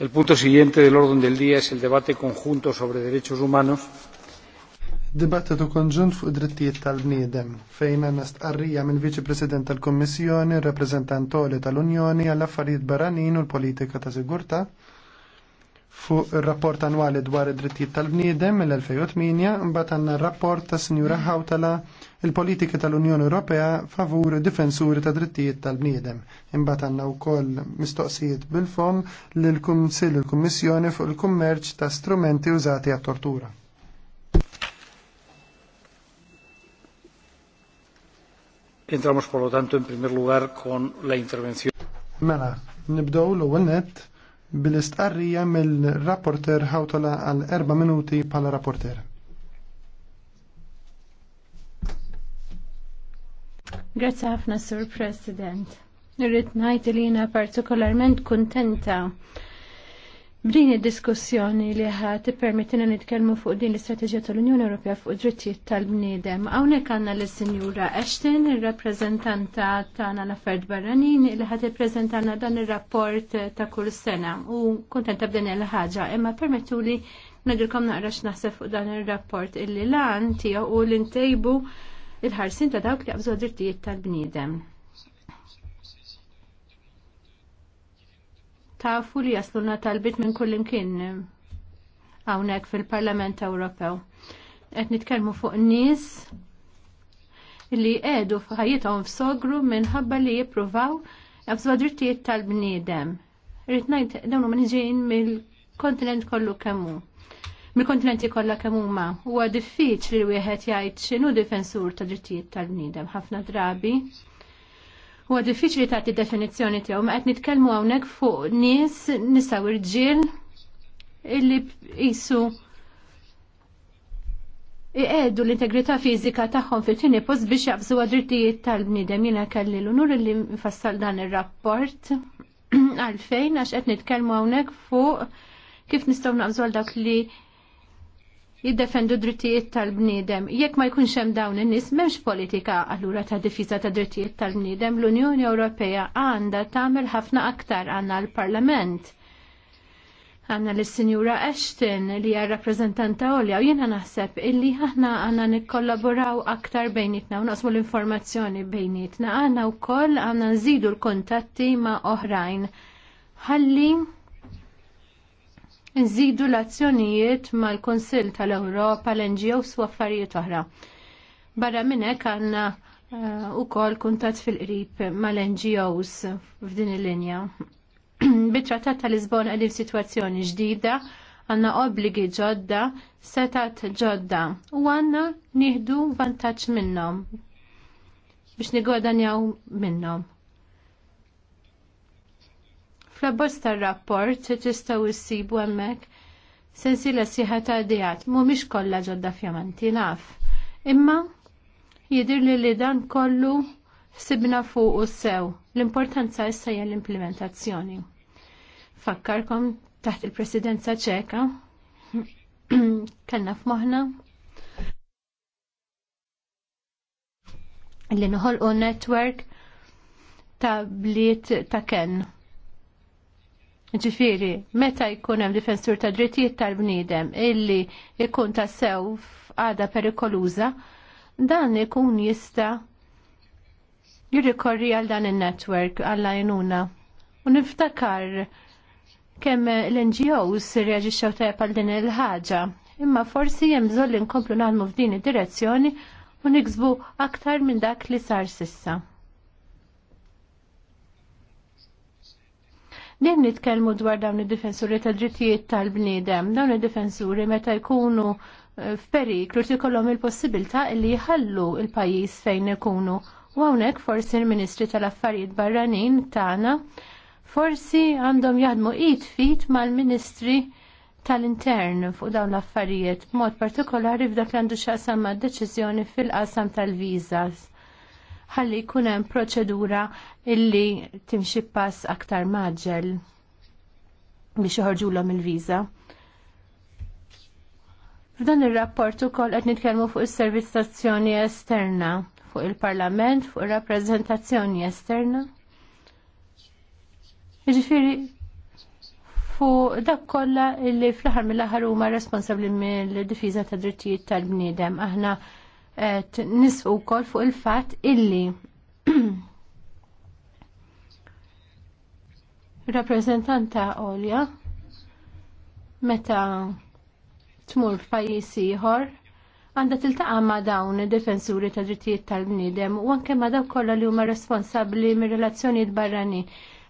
El punto siguiente del orden del día es el debate conjunto sobre derechos humanos. Dibattitu konġunt fuq drittijiet tal-bniedem fejn għandna stqarrija mill viċi President tal-Kommissjoni, rappreżentantoli tal-Unjoni għall-affarijiet barranin u l-politika ta' sigurtà fuq ir-rapport annwali dwar id-drittijiet tal-bniedem mill-2008 mbagħad għandna rapport ta' Sinjura Hawtala il-politika tal-Unjoni Ewropea favur difensuri ta' drittijiet tal-bniedem. Imbagħad għandna wkoll mistoqsijiet bil-fom lil kunsill il-Kummissjoni fuq il-kummerċ ta' strumenti użati għat-tortura. Entramos por lo tanto en primer lugar con la intervención. Mela, nibdow l-ewwel nett bil-istqarrija mill-rapporter ħawtola għal erba minuti bħala rapporter. Grazie ħafna, Sur President. Irrid najt li jina partikolarment kuntenta B'din id-diskussjoni li ħat permettina nitkellmu fuq din l-istrateġija tal-Unjoni Ewropea fuq drittijiet tal-bniedem. Hawnhekk għandna l sinjura Ashton, ir-rappreżentanta tagħna l-affarijiet barranin li ħadd ippreżentana dan ir-rapport ta' kull sena u kuntenta b'din il-ħaġa, imma permettuli ngħidilkom naqra x'naħseb fuq dan ir-rapport illi lan tiegħu u l-intejbu il-ħarsin ta' dawk li qabżu drittijiet tal-bniedem. tafu li jasluna talbit minn kullimkien eh, hawnhekk fil-Parlament Ewropew. Qed nitkellmu fuq n nies li qegħdu f'ħajjithom f'sogru minħabba li jippruvaw jabżwa drittijiet tal-bniedem. Rrid ngħid dawn huma mill-kontinent kollu kemm hu mill-kontinenti kollha kemm huma huwa diffiċli wieħed jgħid x'inhu difensur ta' drittijiet tal-bniedem ħafna drabi Huwa diffiċli tagħti definizzjoni tiegħu ma qed nitkellmu hawnhekk fuq nies nisaw irġiel illi qisu iqeddu l-integrità fiżika tagħhom fit-tieni post biex jaqbżu drittijiet tal-bniedem jiena kelli l-unur li mfassal dan ir-rapport għalfejn għax qed nitkellmu hawnhekk fuq kif nistgħu naqbżu għal dawk li jiddefendu drittijiet tal-bniedem. Jekk ma jkunx hemm dawn in-nies m'hemmx politika allura ta' difiża ta' drittijiet tal-bniedem, l-Unjoni Ewropea għandha tagħmel ħafna aktar għandna l-Parlament. Għanna l-Sinjura Ashton li hija rappreżentanta għolja u jiena naħseb illi aħna għandna nikkollaboraw aktar bejnietna u naqsmu l-informazzjoni bejnietna. Għandna wkoll għandna nżidu l-kontatti ma' oħrajn. Halli nżidu l-azzjonijiet mal-Konsil tal-Ewropa, l-NGOs u affarijiet oħra. Barra minn hekk għandna uh, kuntat fil-qrib mal-NGOs f'din il-linja. Bit-trattat tal-Lisbona qegħdin f'sitwazzjoni ġdida, għandna obbligi ġodda, setat ġodda u għandna nieħdu vantaġġ minnhom biex nigodanjaw minnhom fl tar-rapport tistgħu issibu hemmhekk sensiela sieħa ta' ideat mhumiex kollha ġodda fjamanti naf. Imma jidir li li dan kollu sibna fuq u sew. L-importanza issa hija l-implementazzjoni. Fakkarkom taħt il-presidenza ċeka kellna f'moħħna li nħolqu network ta' bliet ta' ken. Ġifiri, meta jkun hemm difensur ta' drittijiet tal-bniedem illi jkun ta' sew għada perikoluża, dan ikun jista' jirrikorri għal dan il-network għal għajnuna. U niftakar kemm l-NGOs reaġixxew tajjeb għal din il-ħaġa, imma forsi hemm bżonn li nkomplu naħdmu f'din id-direzzjoni u niksbu aktar minn dak li sar sissa. Dejjem nitkellmu dwar dawn id-difensuri ta' drittijiet tal-bniedem, dawn id-difensuri meta jkunu eh, f'periklu li jkollhom il-possibilità li jħallu il-pajjiż fejn ikunu. U hawnhekk forsi l-Ministri tal-Affarijiet Barranin tagħna forsi għandhom jaħdmu id fit mal-Ministri tal-intern fuq dawn l-affarijiet, b'mod partikolari f'dak li għandu x'aqsam mad deċiżjoni fil-qasam tal-viżas ħalli jkun hemm proċedura illi timxi pass aktar maġġel biex joħorġulhom il-viża. F'dan ir-rapport ukoll qed nitkellmu fuq is-servizzazzjoni esterna, fuq il-Parlament, fuq ir-rappreżentazzjoni esterna. Jiġifieri fuq dak kollha li fl-aħħar mill-aħħar huma responsabbli mill-difiża ta' drittijiet tal-bniedem. Aħna qed nisfu kol fuq il-fatt illi rappresentanta Olja meta tmur f'pajjiż ieħor għandha tiltaqa' ma' dawn id-difensuri ta' drittijiet tal-bniedem u anke ma' dawk kollha li huma responsabbli mir-relazzjonijiet barranin.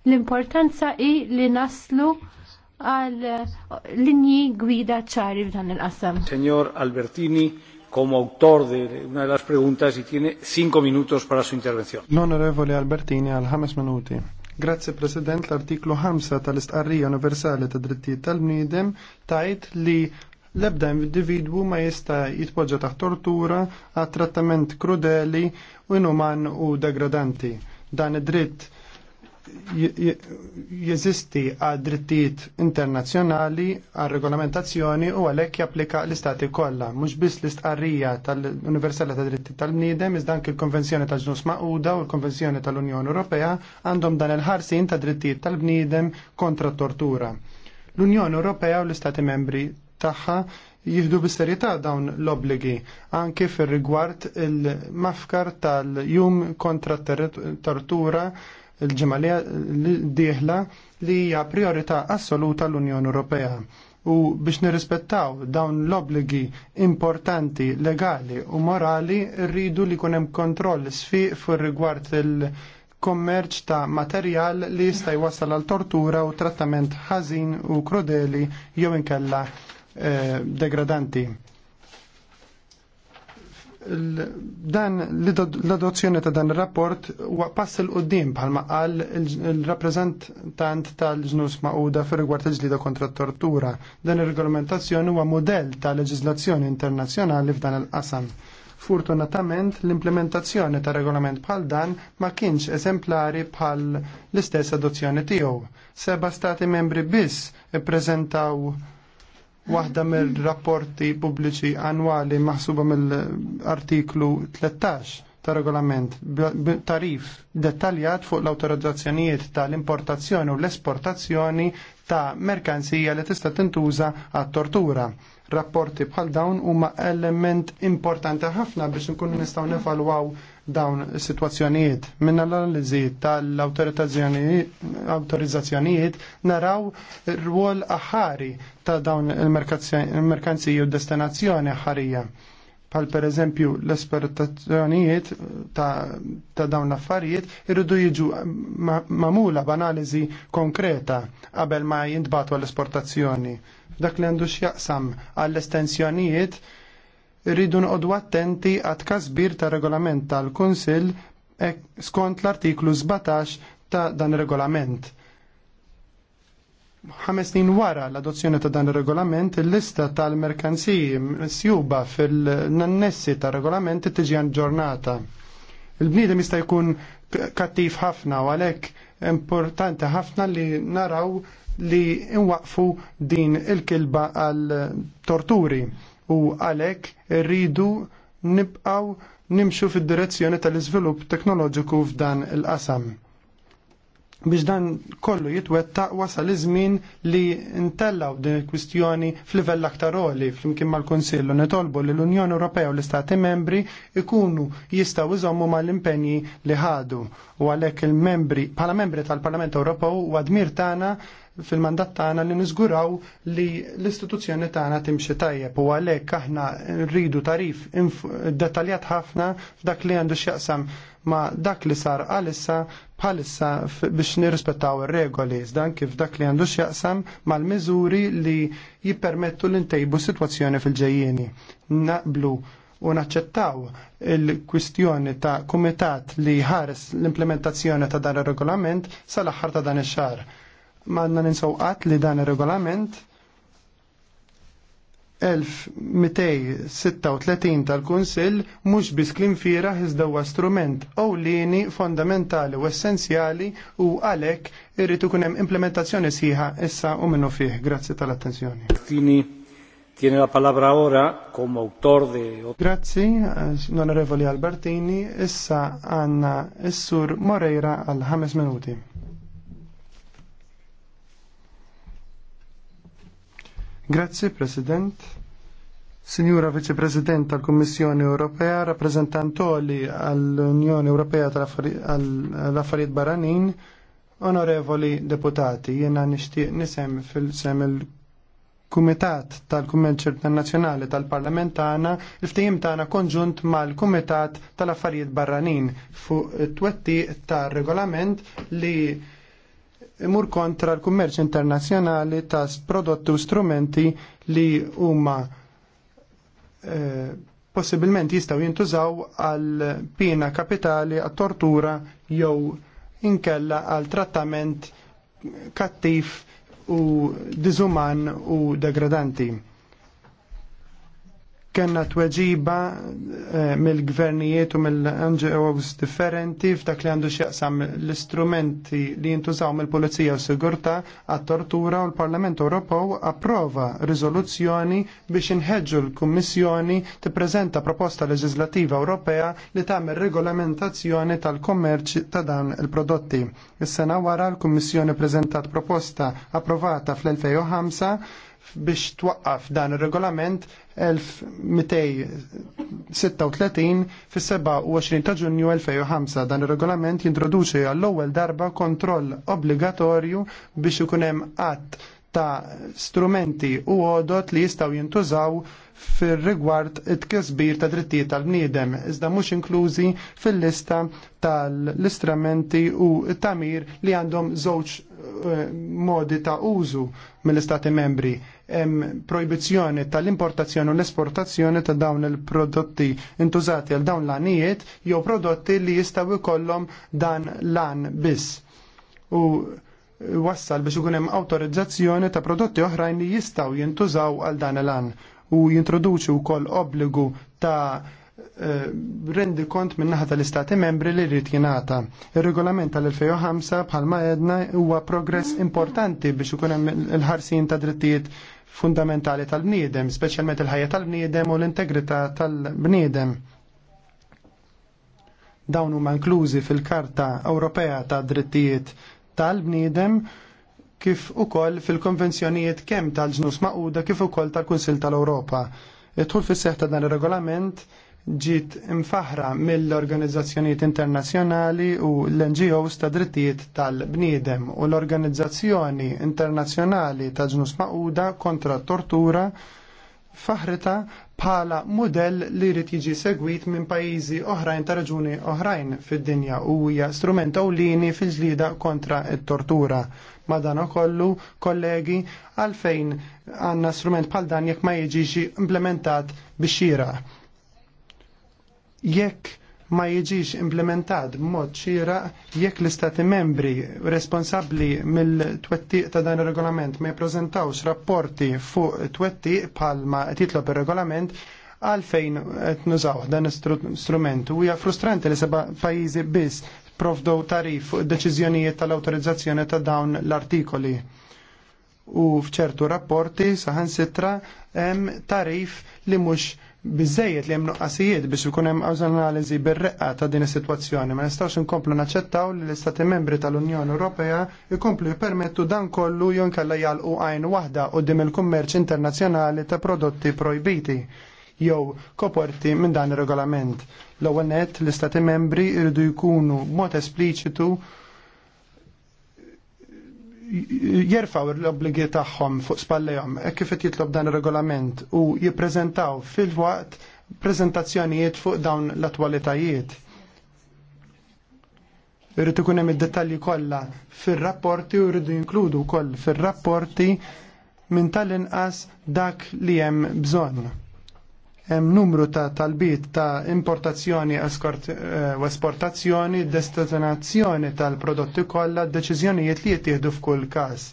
L-importanza hi li naslu għal linji gwida ċari f'dan il-qasam. Senjor Albertini, como autor de una de las preguntas y tiene cinco minutos para su intervención. Albertini Grazie President, l-artiklu 5 tal-Istqarrija Universali ta' Drittijiet tal-Bniedem tajt li l-ebda individwu ma jista jitpoġġa taħt tortura għat trattament krudeli u inuman u degradanti. Dan id-dritt jeżisti għad drittijiet internazzjonali għal regolamentazzjoni u għalhekk japplika l-istati kollha, mhux biss l-istqarrija tal-Universali ta' Dritti tal-Bniedem, iżda il konvenzjoni ta' Ġnus Maquda u l-Konvenzjoni tal-Unjoni Ewropea għandhom dan il-ħarsin ta' drittijiet tal-bniedem kontra t tortura. L-Unjoni Ewropea u l-Istati membri tagħha jihdu b'serjetà dawn l-obligi anke fir rigward il-mafkar tal-jum kontra tortura il-ġimgħa li dieħla li hija priorità assoluta l-Unjoni Ewropea u biex nirrispettaw dawn l-obligi importanti legali u morali rridu li kunem kontroll sfiq fur rigward il-kommerċ ta' materjal li jista' jwassal għal tortura u trattament ħażin u krudeli jew inkella eh, degradanti dan l-adozzjoni ta' dan il-rapport huwa pass il qoddim bħalma qal il-rappreżentant tal-ġnus maquda fir rigward il-ġlida kontra tortura. Dan ir-regolamentazzjoni huwa modell ta' leġiżlazzjoni internazzjonali f'dan il-qasam. Fortunatament l-implementazzjoni ta' regolament bħal dan ma kienx eżemplari bħal l-istess adozzjoni tiegħu. Seba' stati membri biss ippreżentaw waħda mill-rapporti pubbliċi annwali maħsuba mill-artiklu 13 ta' regolament tarif dettaljat fuq l-autorizzazzjonijiet tal-importazzjoni u l-esportazzjoni ta' merkanzija li tista' tintuża għat-tortura. Rapporti bħal dawn huma element importanti ħafna biex nkunu nistgħu nevalwaw dawn is-sitwazzjonijiet minna l-analiżi tal-autorizzazzjonijiet naraw r-rwol aħari ta' dawn il merkanzi u destinazzjoni aħarija. Pal per eżempju l-esportazzjonijiet ta', dawn l-affarijiet irridu jiġu mamula b'analiżi konkreta qabel ma jintbatu l-esportazzjoni. Dak li għandu x'jaqsam għall-estensjonijiet rridu nqodu attenti għat kasbir ta' regolament tal-Kunsill e skont l-artiklu 17 ta' dan regolament. Ħames snin wara l-adozzjoni ta' dan regolament, il-lista tal-merkanziji sjuba fil-nannessi ta' regolament tiġi ġornata. Il-bniedem jista' jkun kattiv ħafna u għalhekk importanti ħafna li naraw li nwaqfu din il-kilba għal torturi u għalhekk irridu nibqgħu nimxu fid-direzzjoni tal-iżvilupp teknoloġiku f'dan il-qasam. Biex dan kollu jitwettaq wasal iż-żmien li ntellaw din il-kwistjoni f'livell aktar oli flimkien mal-Kunsillu netolbu li l-Unjoni Ewropea u l-Istati Membri ikunu jistgħu iżommu mal-impenji li ħadu u għalhekk il-membri bħala membri tal-Parlament Ewropew u għadmir tagħna fil-mandat tagħna li niżguraw li l-istituzzjoni tagħna timxi tajjeb u għalhekk aħna rridu tarif dettaljat ħafna f'dak li għandu x'jaqsam ma' dak li sar għalissa bħalissa biex nirrispettaw ir-regoli iżda kif dak li għandu x'jaqsam mal-miżuri li jippermettu li ntejbu sitwazzjoni fil-ġejjieni. Naqblu u naċċettaw il-kwistjoni ta' kumitat li ħares l-implementazzjoni ta' dan ir regolament sal-aħħar ta' dan ix-xahar manna ninsawqat li dan il-regolament 1236 tal-Kunsill mhux biss klim fira iżda strument strument ewlieni fondamentali u essenzjali u għalhekk irritu ikun hemm implementazzjoni siħa issa u minnu fih. Grazzi tal-attenzjoni. Tiene la palabra ora come autor de... Grazzi, onorevoli Albertini. Issa għanna Sur Moreira għal ħames minuti. Grazzi, President. Signora Vice President tal-Kommissjoni Ewropea, rappresentantoli għall-Unjoni Ewropea tal-Affarijiet Barranin, onorevoli deputati, jena nishtiq nisem fil-sem il-Kumitat tal-Kummerċ Internazzjonali tal-Parlament tagħna il-ftehim tagħna konġunt mal-Kumitat tal-Affarijiet Barranin fuq it-twetti tar-regolament li imur kontra l-kummerċ internazzjonali ta' prodotti u strumenti li huma eh, possibilment jistaw jintużaw għal pina kapitali, għal tortura jew inkella għal trattament kattif u dizuman u degradanti. Kenna tweġiba eh, mill-gvernijiet u mill-NGOs differenti f'dak li għandu xieqsam l-istrumenti li jintużaw mill-Polizija u Sigurta għat-tortura u l-Parlament Ewropew approva riżoluzzjoni biex inħeġġu l-Kummissjoni tippreżenta proposta leġislativa Ewropea li tagħmel regolamentazzjoni tal-kommerċ ta' dan il-prodotti. Is-sena wara l-Kummissjoni preżentat proposta approvata fl-2005 biex twaqqaf dan ir-regolament 1236 fis-27 ta' Ġunju 2005. Dan ir-regolament jintroduċi għall-ewwel darba kontroll obbligatorju biex ikun hemm qatt ta' strumenti u għodot li jistgħu jintużaw fir-rigward it-kisbir ta' drittijiet tal-bniedem, iżda mhux inklużi fil-lista tal-istramenti u tamir li għandhom żewġ eh, modi ta' użu mill-Istati membri. Hemm proibizzjoni tal-importazzjoni u l-esportazzjoni ta' dawn il-prodotti intużati għal dawn l-anijiet jew prodotti li jistgħu jkollhom dan l-an biss. U wassal biex ikun hemm awtorizzazzjoni ta' prodotti oħrajn li jistgħu jintużaw għal dan l-an u jintroduċu wkoll obbligu ta' eh, rendi kont naħa tal-istati membri li rrit jenata. Il-regolament tal-2005 bħalma edna huwa progress importanti biex ikun hemm il-ħarsin ta' drittijiet fundamentali tal-bniedem, speċjalment il-ħajja tal-bniedem u l-integrità tal-bniedem. Dawn huma inklużi fil-Karta Ewropea ta' Drittijiet tal-bniedem kif ukoll fil-konvenzjonijiet kemm tal-ġnus maquda kif ukoll tal-Kunsil tal-Ewropa. T-dħul fis seħħ ta' dan ir-regolament ġiet imfaħra mill-organizzazzjonijiet internazzjonali u l-NGOs ta' drittijiet tal-bniedem u l-Organizzazzjoni Internazzjonali ta' ġnus maquda kontra t tortura faħrita bħala modell li jrid jiġi segwit minn pajjiżi oħrajn ta' raġuni oħrajn fid-dinja u hija strument ewlieni fil-ġlida kontra t tortura Madana kollu, kollegi, għalfejn għanna strument bħal dan jekk ma jiġix implementat bixxira. Jekk ma jiġix implementat b'mod xira jekk l-istati membri responsabbli mill-twettiq ta' dan ir-regolament ma jippreżentawx rapporti fuq twettiq palma titlob ir-regolament għalfejn qed nużaw dan istrument. Huja frustranti li seba' pajjiżi biss provdow tarif u deċiżjonijiet tal-autorizzazzjoni ta' dawn l-artikoli. U fċertu rapporti saħan sitra hemm tarif li mhux biżejjed li hemm nuqqasijiet biex ikun hemm analiżi bir-reqqa ta' din is-sitwazzjoni. Ma nistgħux inkomplu naċċettaw li l-Istati membri tal-Unjoni Ewropea jkomplu jippermettu dan kollu jew jalqu għajn waħda qudiem il-kummerċ internazzjonali ta' prodotti projbiti jew koporti minn dan ir-regolament. L-ewwel nett l-istati membri jridu jkunu mod espliċitu jerfaw l obbligi tagħhom fuq spallejhom hekk kif qed jitlob dan ir-regolament u jippreżentaw fil-waqt preżentazzjonijiet fuq dawn l-attwalitajiet. Irrid ikun hemm id-dettalji kollha fir-rapporti u rridu jinkludu wkoll fir-rapporti minn tal-inqas dak li hemm bżonn hemm numru ta' talbit ta' importazzjoni eh, u esportazzjoni, destinazzjoni tal-prodotti kollha, deċiżjonijiet li jittieħdu f'kull każ.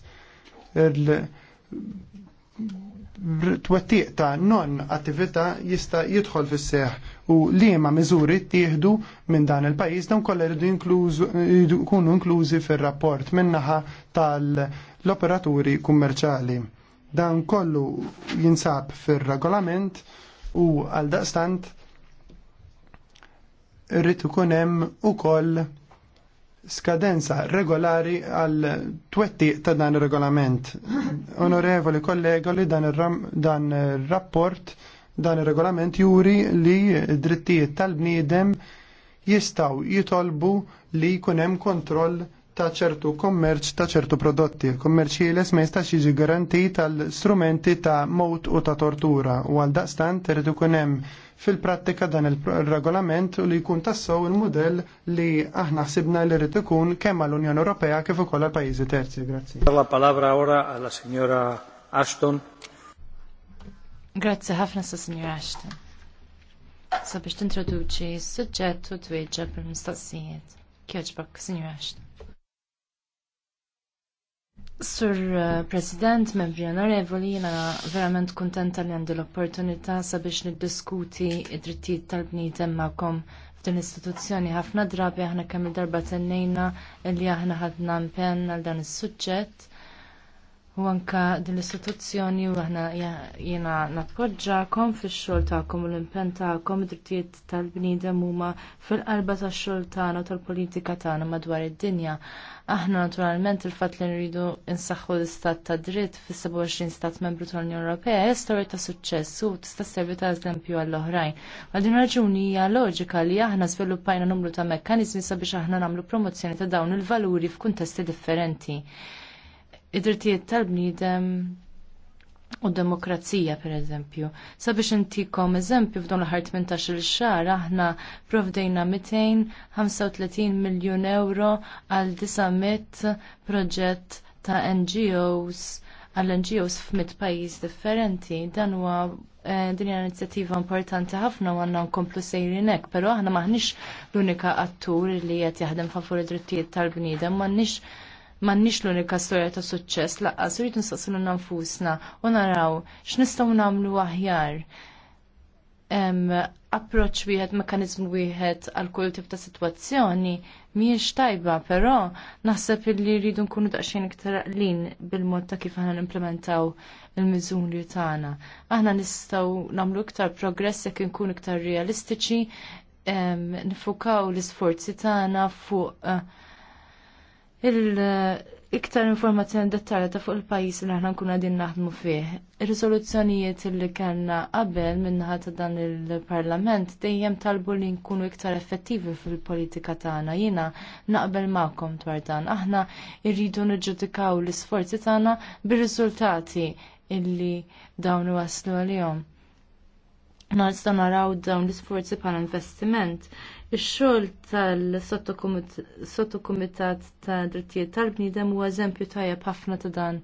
Twettiq ta' non attività jista' jidħol fis-seħ u liema miżuri ttieħdu minn dan il-pajjiż dawn kollha jridu jkunu inklużi fir-rapport min-naħa tal-operaturi kummerċali. Dan kollu jinsab fir-regolament u għal daqstant rrit ikun hemm ukoll skadenza regolari għal twetti ta' dan ir-regolament. Onorevoli kollega li dan ir-rapport dan ir-regolament juri li drittijiet tal-bniedem jistaw jitolbu li jkun hemm kontroll ta' ċertu kommerċ ta' ċertu prodotti. Kommerċ ħieles ma jistax jiġi garanti tal strumenti ta' mot u ta' tortura u għal daqstan terdu kunem fil-prattika dan il-regolament u li jkun tassow il-modell li aħna ħsibna li rrid ikun kemm għall unjoni Ewropea kif ukoll għal pajjiżi terzi. Grazzi. La palabra ora alla signora Ashton. Grazzi ħafna sa' signora Ashton. Sabiex tintroduċi s-suġġett u twieġeb per mistaqsijiet Kjoċbak, signora Ashton. Sur uh, President, membri onorevoli, jena verament kontenta li għandi l-opportunità sabiex niddiskuti id-drittijiet tal-bniedem ma'kom f'din istituzzjoni. Ħafna drabi aħna kemm il-darba tennejna li aħna ħadna mpenn għal dan is-suġġett u anka din l-istituzzjoni u aħna jena nappoġġakom fix-xogħol tagħkom u l impen ta' kom drittijiet tal-bniedem huma fil-qalba tax-xogħol tagħna u tal-politika tagħna madwar id-dinja. Aħna naturalment il-fatt li nridu insaħħu l-istat ta' dritt fis-27 stat membru tal-Unjoni Ewropea hija storja ta' suċċess u tista' servi ta' eżempju għall-oħrajn. Ma' din raġuni hija loġika li aħna żviluppajna numru ta' mekkaniżmi sabiex aħna nagħmlu promozzjoni ta' dawn il-valuri f'kuntesti differenti id-drittijiet tal-bniedem u demokrazija per eżempju. Sabiex intikom eżempju f'dawn l-ħar 18 xahar aħna provdejna 235 miljun euro għal 900 proġett ta' NGOs għall NGOs f'mit pajjiż differenti dan huwa eh, din hija inizjattiva importanti ħafna u għandna nkomplu sejrin hekk, però aħna maħniex l-unika attur li qed jaħdem favur id-drittijiet tal-bniedem, m'għandniex m'għandniex l-unika storja ta' suċċess laqqas rridu nistaqsilu nfusna u naraw x'nistgħu nagħmlu aħjar. Approċċ wieħed, mekkaniżmu wieħed għal kull tip ta' sitwazzjoni mhijiex tajba, però naħseb li rridu nkunu daqsxejn iktar qlin bil-mod ta' kif aħna nimplementaw il-miżuri tagħna. Aħna nistgħu nagħmlu iktar progress jekk nkunu iktar realistiċi, nifukaw l-isforzi tagħna fuq eh, iktar informazzjoni ta' fuq il-pajis li aħna nkun għadin naħdmu fih. Ir-risoluzzjonijiet li kellna qabel minnaħa ta' dan il-Parlament dejjem talbu li nkunu iktar effettivi fil-politika tagħna. Jiena naqbel magħkom dwar dan. Aħna rridu niġġudikaw l-isforzi tagħna bir-riżultati illi dawn waslu għalihom. Nista naraw dawn l-isforzi bħala investiment. Ix-xogħol tal-sottokumitat ta' drittijiet tal-bniedem huwa eżempju tajjeb ħafna ta' dan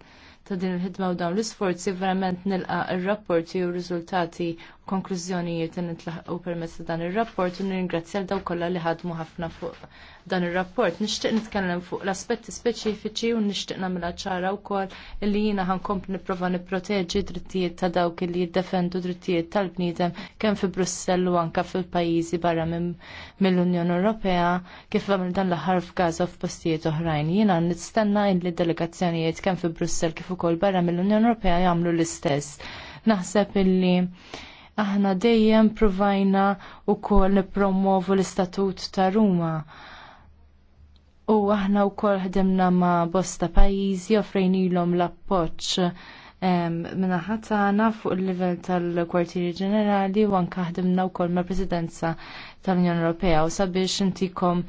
ta' din il-ħidma u dawn l-isforzi verament nilqa' ir-rapporti u r-riżultati konklużjonijiet li nitlaħqu permezz ta' dan ir-rapport u nirringrazzja l kollha li ħadmu ħafna fuq dan ir-rapport. Nixtieq nitkellem fuq l-aspetti speċifiċi u nixtieq nagħmilha ċara wkoll li jiena ħankomp nipprova nipproteġi drittijiet ta' dawk li jiddefendu drittijiet tal-bniedem kemm fi Brussell u anke fil-pajjiżi barra mill-Unjoni Ewropea kif għamil dan l-aħħar f'Gaza u f'postijiet oħrajn. Jiena nistenna li delegazzjonijiet kemm fi Brussell kif ukoll barra mill-Unjoni Ewropea jagħmlu l-istess naħseb illi aħna dejjem provajna wkoll nippromovu l-istatut ta' Ruma. U aħna wkoll ħdemna ma' bosta pajjiżi offrejn ilhom l-appoġġ minna ħatana fuq il-livell tal-kwartieri ġenerali u anka ħdimna wkoll mal-Presidenza tal-Unjoni Ewropea u sabiex intikom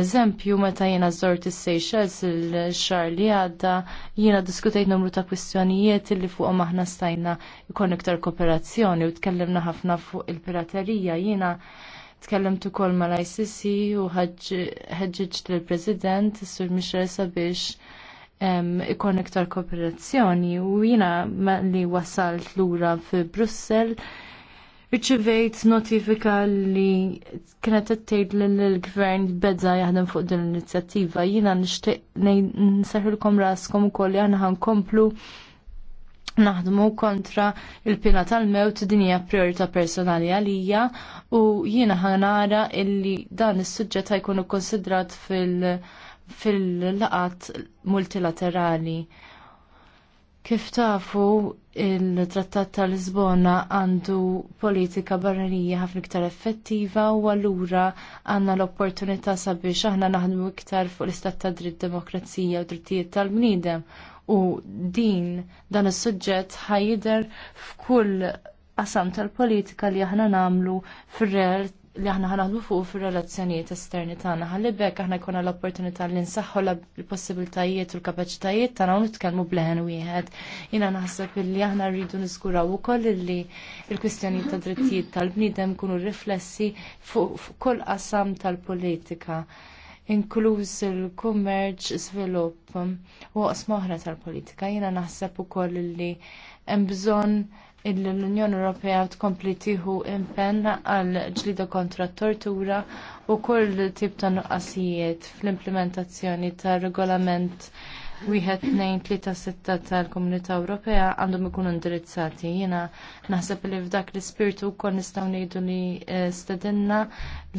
eżempju meta jiena żort is-Seychelles il-xar li għadda jiena diskutejt numru ta' kwistjonijiet li fuqhom aħna stajna jkun iktar kooperazzjoni u tkellimna ħafna fuq il-piraterija jiena tkellimt ukoll mal-ICC u ħeġġeġt lill president Sur Michel sabiex ikon iktar kooperazzjoni u jina li wasalt lura fi Brussel Riċivejt notifika li kienet t-tejt l-gvern bedza jaħdem fuq din l-inizjattiva. Jiena nixtieq nseħilkom raskom ukoll li aħna komplu naħdmu kontra il-pina tal-mewt din hija priorità personali għalija u jiena għara illi dan is-suġġett ħajkun konsidrat fil- fil-laqat multilaterali. Kif tafu il-Trattat ta' Lisbona għandu politika barranija ħafna iktar effettiva u allura għandna l-opportunità sabiex aħna naħdmu iktar fuq l-istat ta' dritt demokrazija u drittijiet tal-bniedem u din dan is-suġġett ħajder f'kull qasam tal-politika li aħna nagħmlu fir realtà li aħna ħlufu u fir-relazzjonijiet esterni tagħna. Ħalli bekk aħna jkollna l-opportunità li nsaħħu l-possibiltajiet u l-kapaċitajiet tagħna u nitkellmu bleħen wieħed. Jiena naħseb illi aħna rridu niskuraw ukoll illi l-kwistjonijiet ta' drittijiet tal-bniedem kunu riflessi fuq kull qasam tal-politika inkluż il-kummerċ, svilupp u oqsma oħra tal-politika. Jiena naħseb ukoll li hemm bżonn l-Unjoni Ewropea tkompli tieħu impenn għal ġlida kontra t tortura u kull tip ta' nuqqasijiet fl-implementazzjoni tar regolament wieħed sitta tal-Komunità Ewropea għandhom ikunu indirizzati. Jiena naħseb li f'dak l-ispirtu wkoll nistgħu ngħidu li eh, stedinna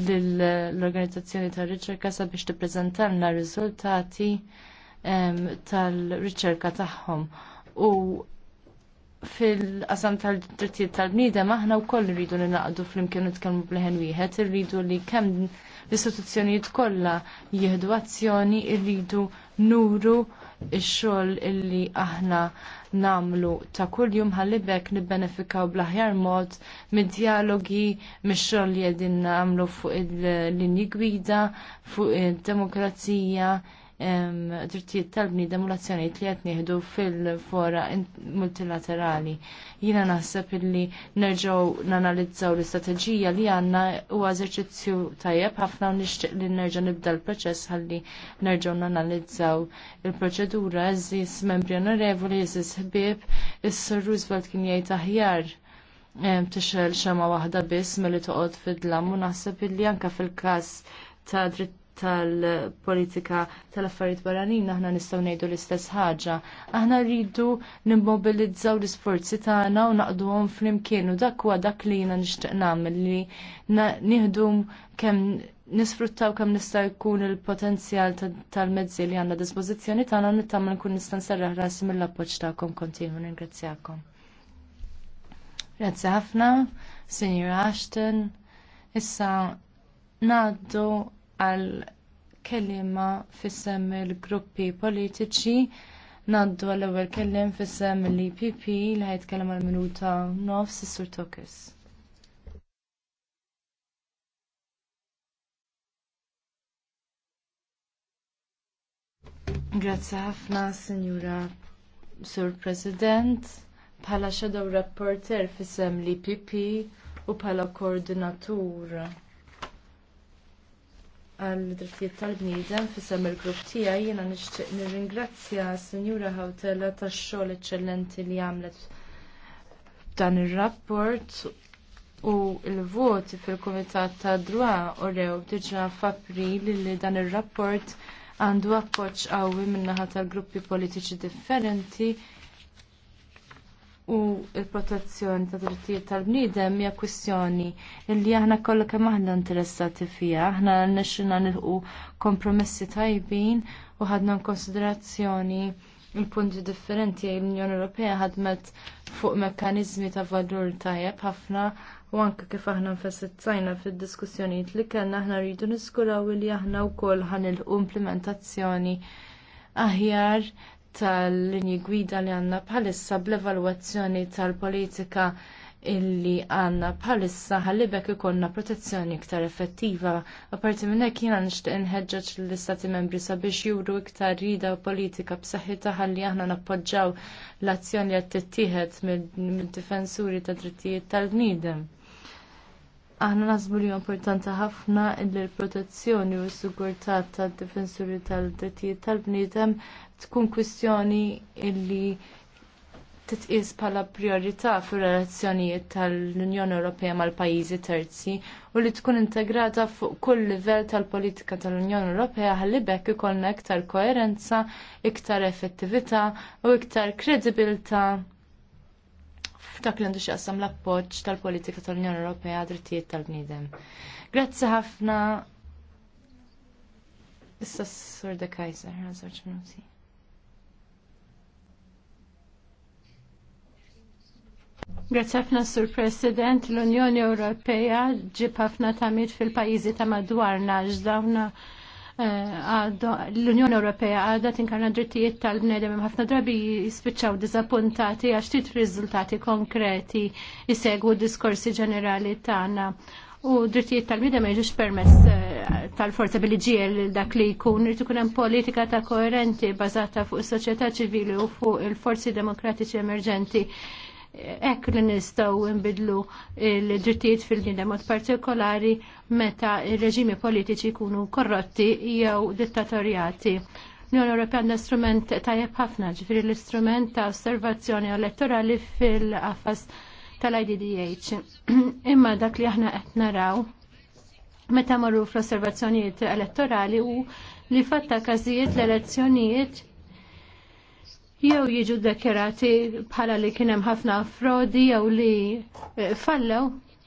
lill-Organizzazzjoni tar-Riċerka sabiex tippreżentalna r riżultati ehm, tal-riċerka tagħhom. U fil-qasam tal-drittijiet tal-bniedem aħna wkoll rridu li naqdu flimkien nitkellmu bleħen wieħed, irridu li kemm l-istituzzjonijiet kollha jieħdu azzjoni, irridu nuru x-xogħol illi aħna namlu ta' kuljum ħallibek nibbenefikaw bl-aħjar mod mid-dialogi mix-xogħol li qegħdin nagħmlu fuq il-linji gwida, fuq id-demokrazija, il drittijiet tal-bnidem u l-azzjonijiet li qed nieħdu fil-fora multilaterali. Jiena naħseb illi nerġgħu nanalizzaw l-istrateġija li għandna huwa eżerċizzju tajjeb ħafna u nixtieq li nerġa' nibda l-proċess ħalli nerġgħu nanalizzaw il-proċedura eżis membri onorevoli eżis ħbieb is-Sir Roosevelt kien jgħid aħjar tixel xema waħda biss milli toqgħod fid-dlam u naħseb illi anke fil-każ ta' dritt tal-politika tal-affarijiet barranin aħna nistgħu ngħidu l-istess ħaġa. Aħna rridu nimmobilizzaw l-isforzi tagħna u naqduhom flimkien u dak huwa dak li jiena nixtieq nagħmel li nieħdu kemm nisfruttaw kemm nista' jkun il-potenzjal tal-mezzi li għandna dispożizzjoni tagħna nittama nkun nista' nserraħ rasi mill-appoġġ tagħkom kontinwu ningrazzjakom. Grazzi ħafna, Sinjur Ashton. Issa ngħaddu għal kelliema fissem il-gruppi politiċi ngħaddu għall ewwel kelliem fissem l-IPP li kellem għal minuta nofs is-Sur Tokis. Grazzi ħafna, Sinjura Sur President, bħala Shadow Rapporter fissem l-IPP u bħala Koordinatur għal drittijiet tal-bniedem fisem il-grupp tiegħi jiena nixtieq nirringrazzja s-Sinjura Hautella tax-xogħol eċċellenti li għamlet dan ir-rapport u l-voti fil-Kumitat ta' Dwa orew diġa f'April li dan ir-rapport għandu appoġġ qawwi min-naħa tal-gruppi politiċi differenti u il-protezzjoni ta' drittijiet tal-bniedem hija kwistjoni li aħna kollha kemm aħna interessati fiha, aħna nexxina nilqu kompromessi tajbin u ħadna konsiderazzjoni il-punti differenti l-Unjoni Ewropea ħadmet fuq mekkaniżmi ta' valur tajjeb ħafna u anke kif aħna nfessizzajna fid-diskussjonijiet li kellna aħna rridu niskuraw li aħna wkoll ħanilqu implementazzjoni aħjar tal-linji gwida li għandna bħalissa bl-evalwazzjoni tal-politika illi għandna bħalissa ħallibek ikonna protezzjoni iktar effettiva. Aparti minn hekk jiena nixtieq inħeġġeġ lill-Istati Membri sabiex juru iktar rida politika b'saħħitha ħalli aħna nappoġġaw l-azzjoni li qed tittieħed mid difensuri tad drittijiet tal-bniedem. Aħna nasbu li importanti ħafna li l-protezzjoni u s-sigurtà tad-difensuri tal-drittijiet tal-bniedem tkun kwistjoni illi titqis bħala priorità fir-relazzjonijiet tal-Unjoni Ewropea mal-pajjiżi terzi u li tkun integrata fuq kull livell tal-politika tal-Unjoni Ewropea ħallibek ikollna iktar koerenza, iktar effettività u iktar kredibilità f'dak li għandu xaqsam l-appoġġ tal-politika tal-Unjoni Ewropea drittijiet tal-bniedem. Grazzi ħafna. Issa s-sur de Kaiser, għazarċ minuti. Grazzi ħafna Sur President, l-Unjoni Ewropea ġib ħafna tamit fil-pajjiżi ta' madwarna ġdawna Eh, l-Unjoni Ewropea għadha tinkarna drittijiet tal-bnedem ħafna drabi jispiċċaw diżappuntati għax trid riżultati konkreti jisegwu diskorsi ġenerali tagħna. U drittijiet tal-bnedem jiġux permess eh, tal-forza bil-ġiel dak li jkun irid ikun hemm politika ta' koerenti bażata fuq is-soċjetà ċivili u fuq il-forzi demokratiċi emerġenti hekk li nistgħu imbidlu l-drittijiet fil-bniedem mod partikolari meta il reġimi politiċi jkunu korrotti jew dittatorjati. L-Unjoni Ewropea għandha strument tajjeb ħafna, ġifieri l-istrument ta' osservazzjoni elettorali fil-qafas tal-IDDH. Imma dak li aħna qed naraw meta marru fl-osservazzjonijiet elettorali u li fatta każijiet l-elezzjonijiet jew jiġu dekkerati bħala li kien hemm ħafna frodi jew li eh, fallew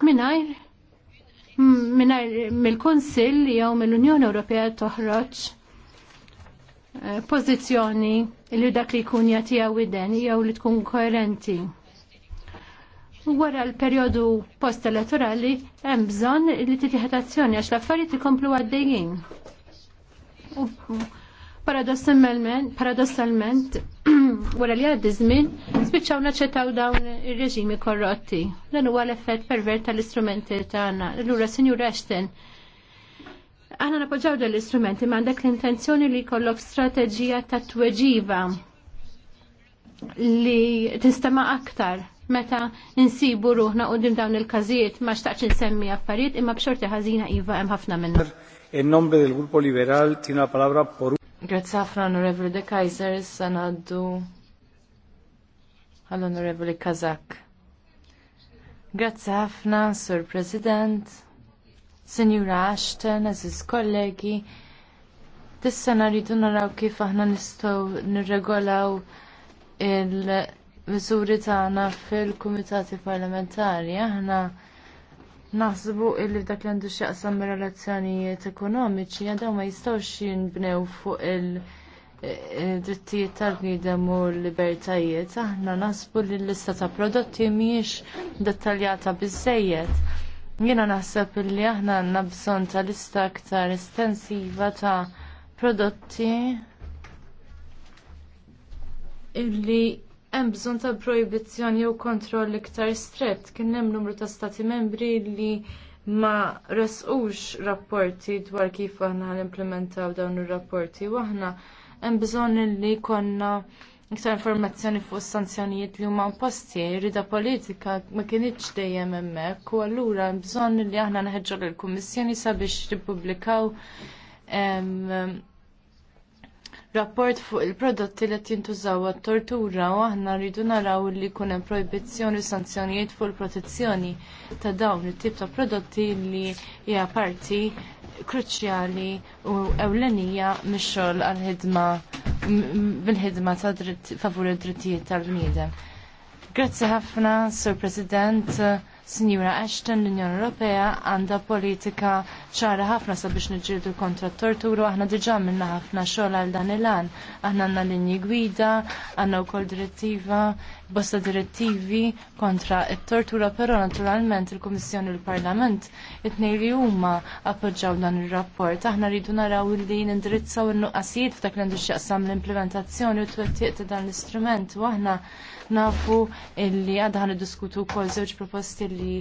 mingħajr minajr mill-Kunsill jew mill-Unjoni Ewropea toħroġ eh, pożizzjoni li dak li jkun jagħtiha widen jew li tkun koerenti. Wara l-perjodu post-elettorali hemm bżonn li titieħed azzjoni għax l-affarijiet ikomplu għaddejjin Paradossalment, paradossalment, wara li għaddi żmien, spiċċaw naċċettaw dawn ir-reġimi korrotti. Dan huwa l-effett pervert tal-istrumenti tagħna. Allura, Sinjur Ashton, aħna napoġġaw dan l-istrumenti ma għandek l-intenzjoni li jkollok strateġija ta' tweġiva li tistema' aktar meta insibu ruħna qudiem dawn il-każijiet ma xtaqx insemmi affarijiet imma b'xorti ħażina iva hemm ħafna minnha. In-nombre del Gruppo Liberal tina palabra por Grazie ħafna Onorevoli De Kaiser, sanaddu għall-Onorevoli Kazak. Grazie ħafna, Sur President, Signora Ashton, Aziz kollegi, Tissana rridu naraw kif aħna nistgħu nirregolaw il-miżuri tagħna fil-kumitati parlamentari. Aħna naħsbu illi f'dak li għandu xieqsam relazzjonijiet ekonomiċi għadaw ma jistawx jinbnew fuq il-drittijiet eh, tal bnidem u l-libertajiet. Aħna naħsbu li l-lista ta' prodotti miex dettaljata bizzejiet. Jena naħseb illi aħna għanna bżon ta' lista aktar estensiva ta' prodotti illi hemm bżonn ta' projbizzjoni jew kontroll iktar strett. Kien hemm numru ta' stati membri li ma resqux rapporti dwar kif aħna implementaw dawn ir-rapporti u aħna hemm bżonn li konna iktar informazzjoni fuq sanzjonijiet li huma imposti, rida politika ma kinitx dejjem hemmhekk u allura hemm bżonn li aħna neħeġġu lill-Kummissjoni sabiex tippubblikaw rapport fuq il-prodotti li tintużaw jintużaw għat-tortura u aħna rridu naraw li jkun hemm projbizzjoni u sanzjonijiet fuq il-protezzjoni ta' dawn it-tip ta' prodotti li hija parti kruċjali u ewlenija mix-xogħol għall-ħidma bil-ħidma ta' favur id-drittijiet tal-bniedem. Grazzi ħafna, Sur President. Sinjura Ashton, l-Unjoni Ewropea għandha politika ċara ħafna sabiex niġġieldu kontra t torturu aħna diġà minna ħafna xogħol għal dan il-għan. Aħna għandna linji gwida, għandna wkoll direttiva, bosta direttivi kontra t-tortura, però naturalment il-Kummissjoni u l-Parlament it li huma appoġġaw dan ir-rapport. Aħna rridu naraw li indirizzaw il nuqqasijiet f'dak l-industrija x'jaqsam l-implementazzjoni u t-twettiq ta' dan l-istrument u aħna Nafu illi għadha diskutu kol żewġ proposti li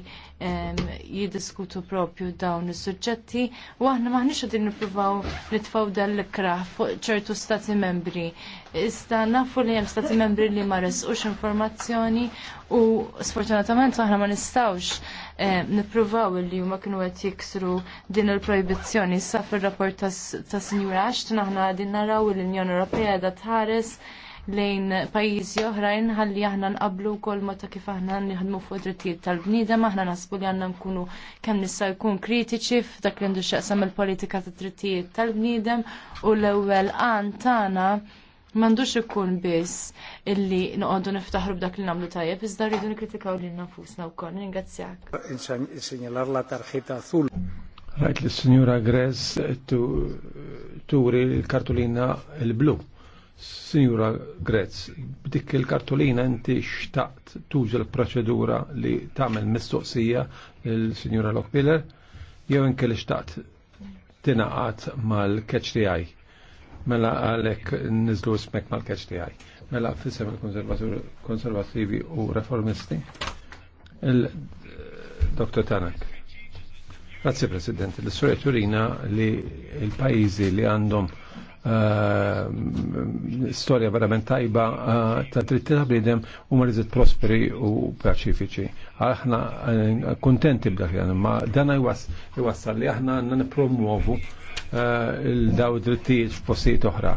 jiddiskutu propju dawn is-suġġetti u aħna maħniex qegħdin nippruvaw nitfaw dal-kraħ fuq ċertu stati membri. Ista nafu li hemm stati membri li ma resqux informazzjoni u sfortunatament aħna ma nistgħux nippruvaw li huma kienu qed jiksru din il-projbizzjoni. Issa rapport tas-Sinjura Ashton aħna għadin naraw l-Unjoni Ewropea qiegħda tħares lejn pajjiżi oħrajn ħalli aħna nqablu wkoll ma ta' kif aħna nieħdmu fuq drittijiet tal-bniedem aħna naħsbu li għandna nkunu kemm nista' jkun kritiċi f'dak li għandu x'jaqsam il-politika ta' drittijiet tal-bniedem u l-ewwel qan tagħna m'għandux ikun biss illi noqogħdu niftaħru b'dak li nagħmlu tajjeb, iżda rridu nikkritikaw lil nafusna wkoll. Ningrazzjak. Insinjalar la tarħita azul. Rajt li sinjura Grez turi l-kartulina l-blu. Signora Grezz, dik il-kartolina inti xtaqt tuż il-proċedura li tagħmel mistoqsija il signora Lockpiller jew inke li xtaqt tinaqat mal-catch Eye. Mela għalek nizlu smek mal-catch Eye. Mela fissem il-konservativi u reformisti il-Dr. Tanak. Grazie Presidente, l sorja Turina li il-pajizi li għandhom Eh, storja verament tajba eh, ta' dritti ta' bidem u marizit prosperi u paċifiċi. Aħna eh, kontenti b'dak jan, ma dana jwassal li aħna nan promuovu il-daw drittijiet f'postijiet oħra.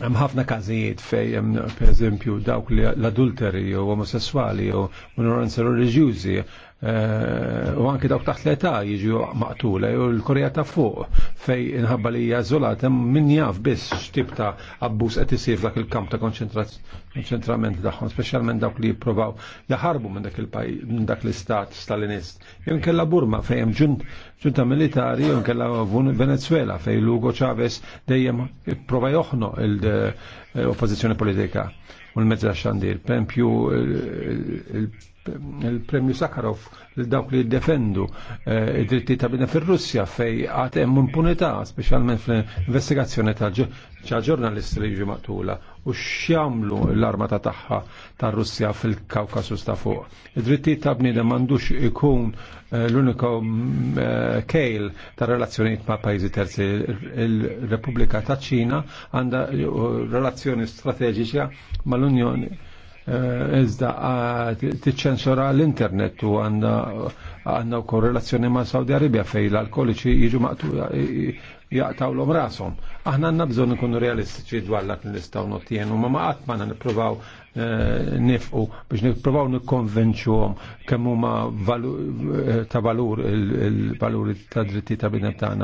Hemm ħafna kazijiet fej hemm pereżempju dawk l-adulteri u omosessuali u minoranza reliġjużi Eh, u anki dawk taħt l-età jiġu maqtula u l-Korea ta' fuq fej inħabba li hija żolata min jaf biss x'tib ta' abbuż qed isir dak il-kamp ta' konċentrament tagħhom, speċjalment dawk li jippruvaw jaħarbu minn dak il-pajjiż minn dak l-istat stalinist. Jew kella Burma fejn hemm ġunt ġunta militari jew kella Venezuela fej Lugo Chavez dejjem prova joħno l-oppożizzjoni eh, politika u l-mezza xandir il-Premju Sakharov li dawk li defendu eh, id-dritti ta' bina fil-Russja fej għatem hemm impunità, speċjalment fl-investigazzjoni ta' ġurnalisti li ġi maqtula u x'jamlu l-armata tagħha ta' Russja fil-Kawkasus ta' fuq. Id-dritti ta' bniedem m'għandux ikun eh, l-uniku mm, eh, kejl ta' relazzjonijiet ma' pajzi terzi. Il-Repubblika ta' Ċina għandha relazzjoni ma' mal-Unjoni Eh, iżda eh, t-ċensura l-internet u għanna għanna korrelazzjoni ma' Saudi Arabia fej l-alkoliċi jiġu maqtu jaqtaw l-om rasom. Aħna għanna bżon nkunu realistiċi dwar l-għat nistaw nottienu, ma ma għatman għatma niprovaw eh, nifqu biex niprovaw nikkonvenċu għom kemmu ma ta' valur il-valuri ta' dritti ta' bidem ta'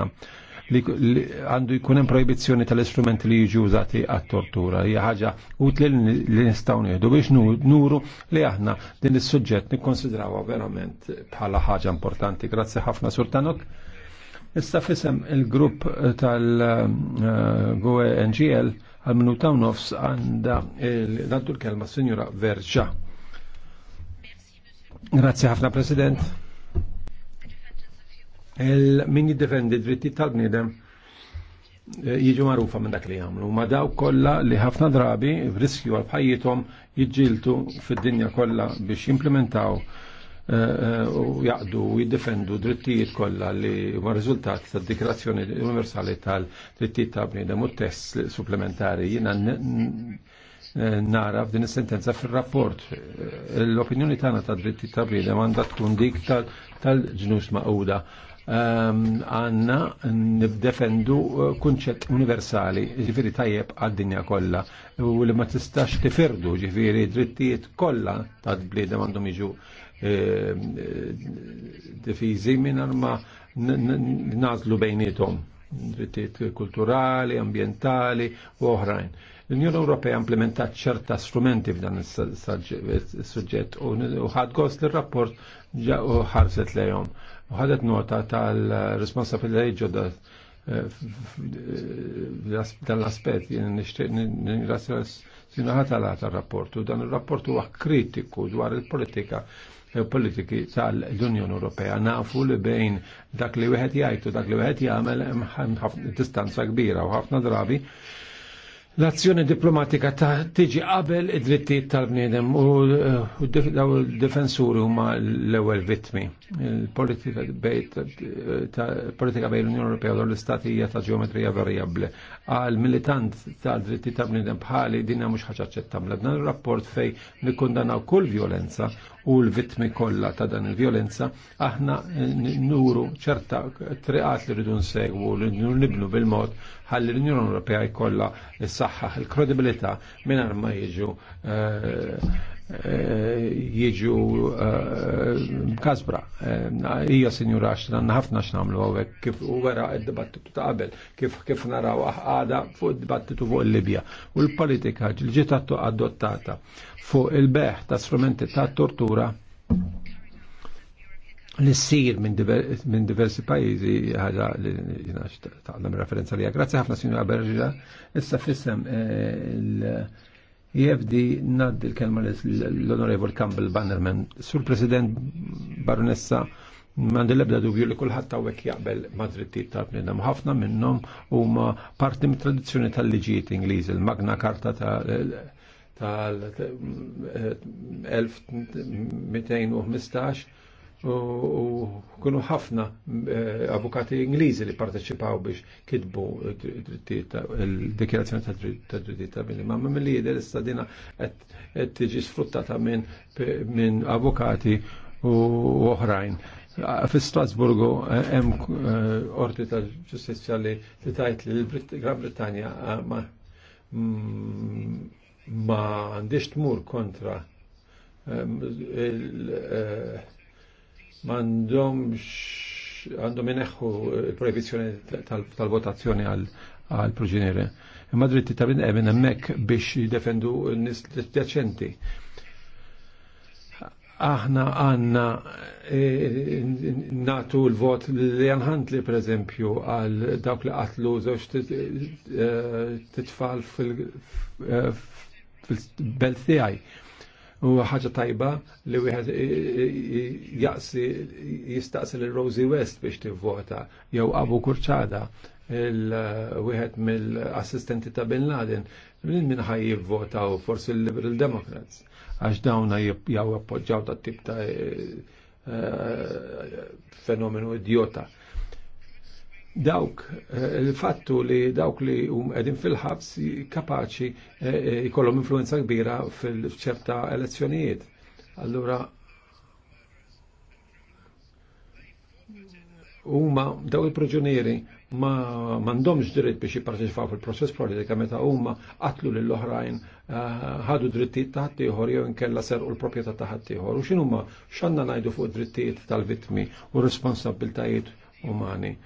li għandu jkun hemm proibizzjoni tal-istrumenti li jiġu użati għat-tortura. Hija ħaġa utli li nistgħu nieħdu biex nuru li aħna din is-suġġett nikkonsidrawha verament bħala ħaġa importanti. Grazzi ħafna Sur Tanok. Issa fisem il-grupp tal eh, goengl NGL għal-minuta ta' nofs għanda l-kelma Signora Verġa. Grazie ħafna President min jiddefendi dritti tal-bniedem eh, jiġu marufa minn dak li jagħmlu. Ma daw kollha li ħafna drabi f'riskju għal bħajjithom jġiltu fid-dinja kollha biex jimplementaw eh, eh, u jaqdu u jiddefendu drittijiet kollha li ma rizultat tad dikrazzjoni universali tal-drittijiet ta' bniedem u test supplementari jina nara f'din is-sentenza fir-rapport. L-opinjoni tagħna ta' drittijiet ta' bniedem għandha tkun dik tal-ġnus maquda għanna nibdefendu kunċett universali, ġifiri tajjeb għad-dinja kollha u li ma tistax tifirdu ġifiri drittijiet kollha ta' bliedem għandhom jiġu difiżi minn ma nazlu bejnietom drittijiet kulturali, ambientali u oħrajn. L-Unjoni Ewropea implementat ċerta strumenti f'dan is-suġġett u ħad gost l-rapport ħarset lejhom u ħadet nota tal-responsabilitajiet ġodda eh, dan l-aspet nirrassja sinaħat għala tal-rapportu. Dan il-rapportu huwa kritiku dwar il-politika politiki tal-Unjoni Ewropea. Nafu li bejn dak li wieħed jgħid u dak li wieħed jagħmel distanza kbira u ħafna drabi l-azzjoni diplomatika ta' tiġi qabel id-drittijiet tal-bniedem u eh, l-difensuri huma l-ewwel vittmi. Il-politika bejn l-Unjoni Ewropea u l-Istati hija ta' ġeometrija varjabbli. Għal militant ta' drittijiet tal-bniedem bħali din mhux ħaġa ċettamla. Dan ir-rapport fej nikkundannaw kull violenza u l-vittmi kollha ta' dan il-violenza, aħna nuru ċerta triqat li rridu nsegwu li nibnu bil-mod ħalli l-Unjoni Ewropea jkollha s saħħa il-kredibilità mingħajr ma jiġu eh, eh, jiġu eh, kasbra. Ija sinjura għaxna ħafna x'namlu hawnhekk kif u wara d-dibattitu ta' qabel kif kif naraw għada fuq id-dibattitu fuq il-Libja u l-politika ġil-ġitattu adottata fuq il-beħ ta' strumenti ta' tortura nissir minn diversi pajizi ħaġa li taqdem referenza li Grazie ħafna sinu għaberġa, issa fissem jevdi nad il-kelma l-onorevol Campbell Bannerman. Sur President Baronessa, mandi lebda dubju li kullħat wek jaqbel madrittijiet ta' bnidem. ħafna minnom huma parti mit tradizzjoni tal-liġijiet Ingliż, il-Magna Karta ta' tal-1215 u kunu ħafna eh, avukati Ingliżi li parteċipaw biex kitbu il-dikjerazzjoni ta' drittijiet ta' bini. Ma' mill-li jidher issa qed tiġi sfruttata minn avukati u oħrajn. Fi Strasburgu eh, hemm eh, orti ta' ġustizzja li tajt li l-Gran Brittanja mm, ma għandix tmur kontra mandomx għandhom ineħħu proibizjoni tal-votazzjoni għal proġeniere. Imma dritti ta' bin emin emmek biex jidefendu n-nis deċenti. Aħna għanna e, natu l-vot li għanħant li per eżempju għal dawk li għatlu zoċ e, titfall fil-belt tijaj huwa ħaġa tajba li wieħed jaqsi jistaqsi lil Rosie West biex tivvota jew Abu Kurċada il-wieħed uh, mill-assistenti ta' Bin Laden minn min ħaj jivvota u forsi l-Liberal Democrats għax dawna jaw appoġġaw ta' tip ta' uh, fenomenu idjota dawk eh, il-fattu li dawk li hum qegħdin fil-ħabs kapaċi eh, eh, jkollhom influenza kbira fil-ċerta elezzjonijiet. Allura huma dawk il-proġunieri ma m'għandhomx dritt biex jipparteċipaw fil-proċess politika meta huma qatlu lil oħrajn ħadu drittijiet ta' ħaddieħor jew inkella serqu l-proprjetà ta' ħaddieħor. U x'inhuma x'għandna ngħidu fuq drittijiet tal-vittmi u responsabbiltajiet umani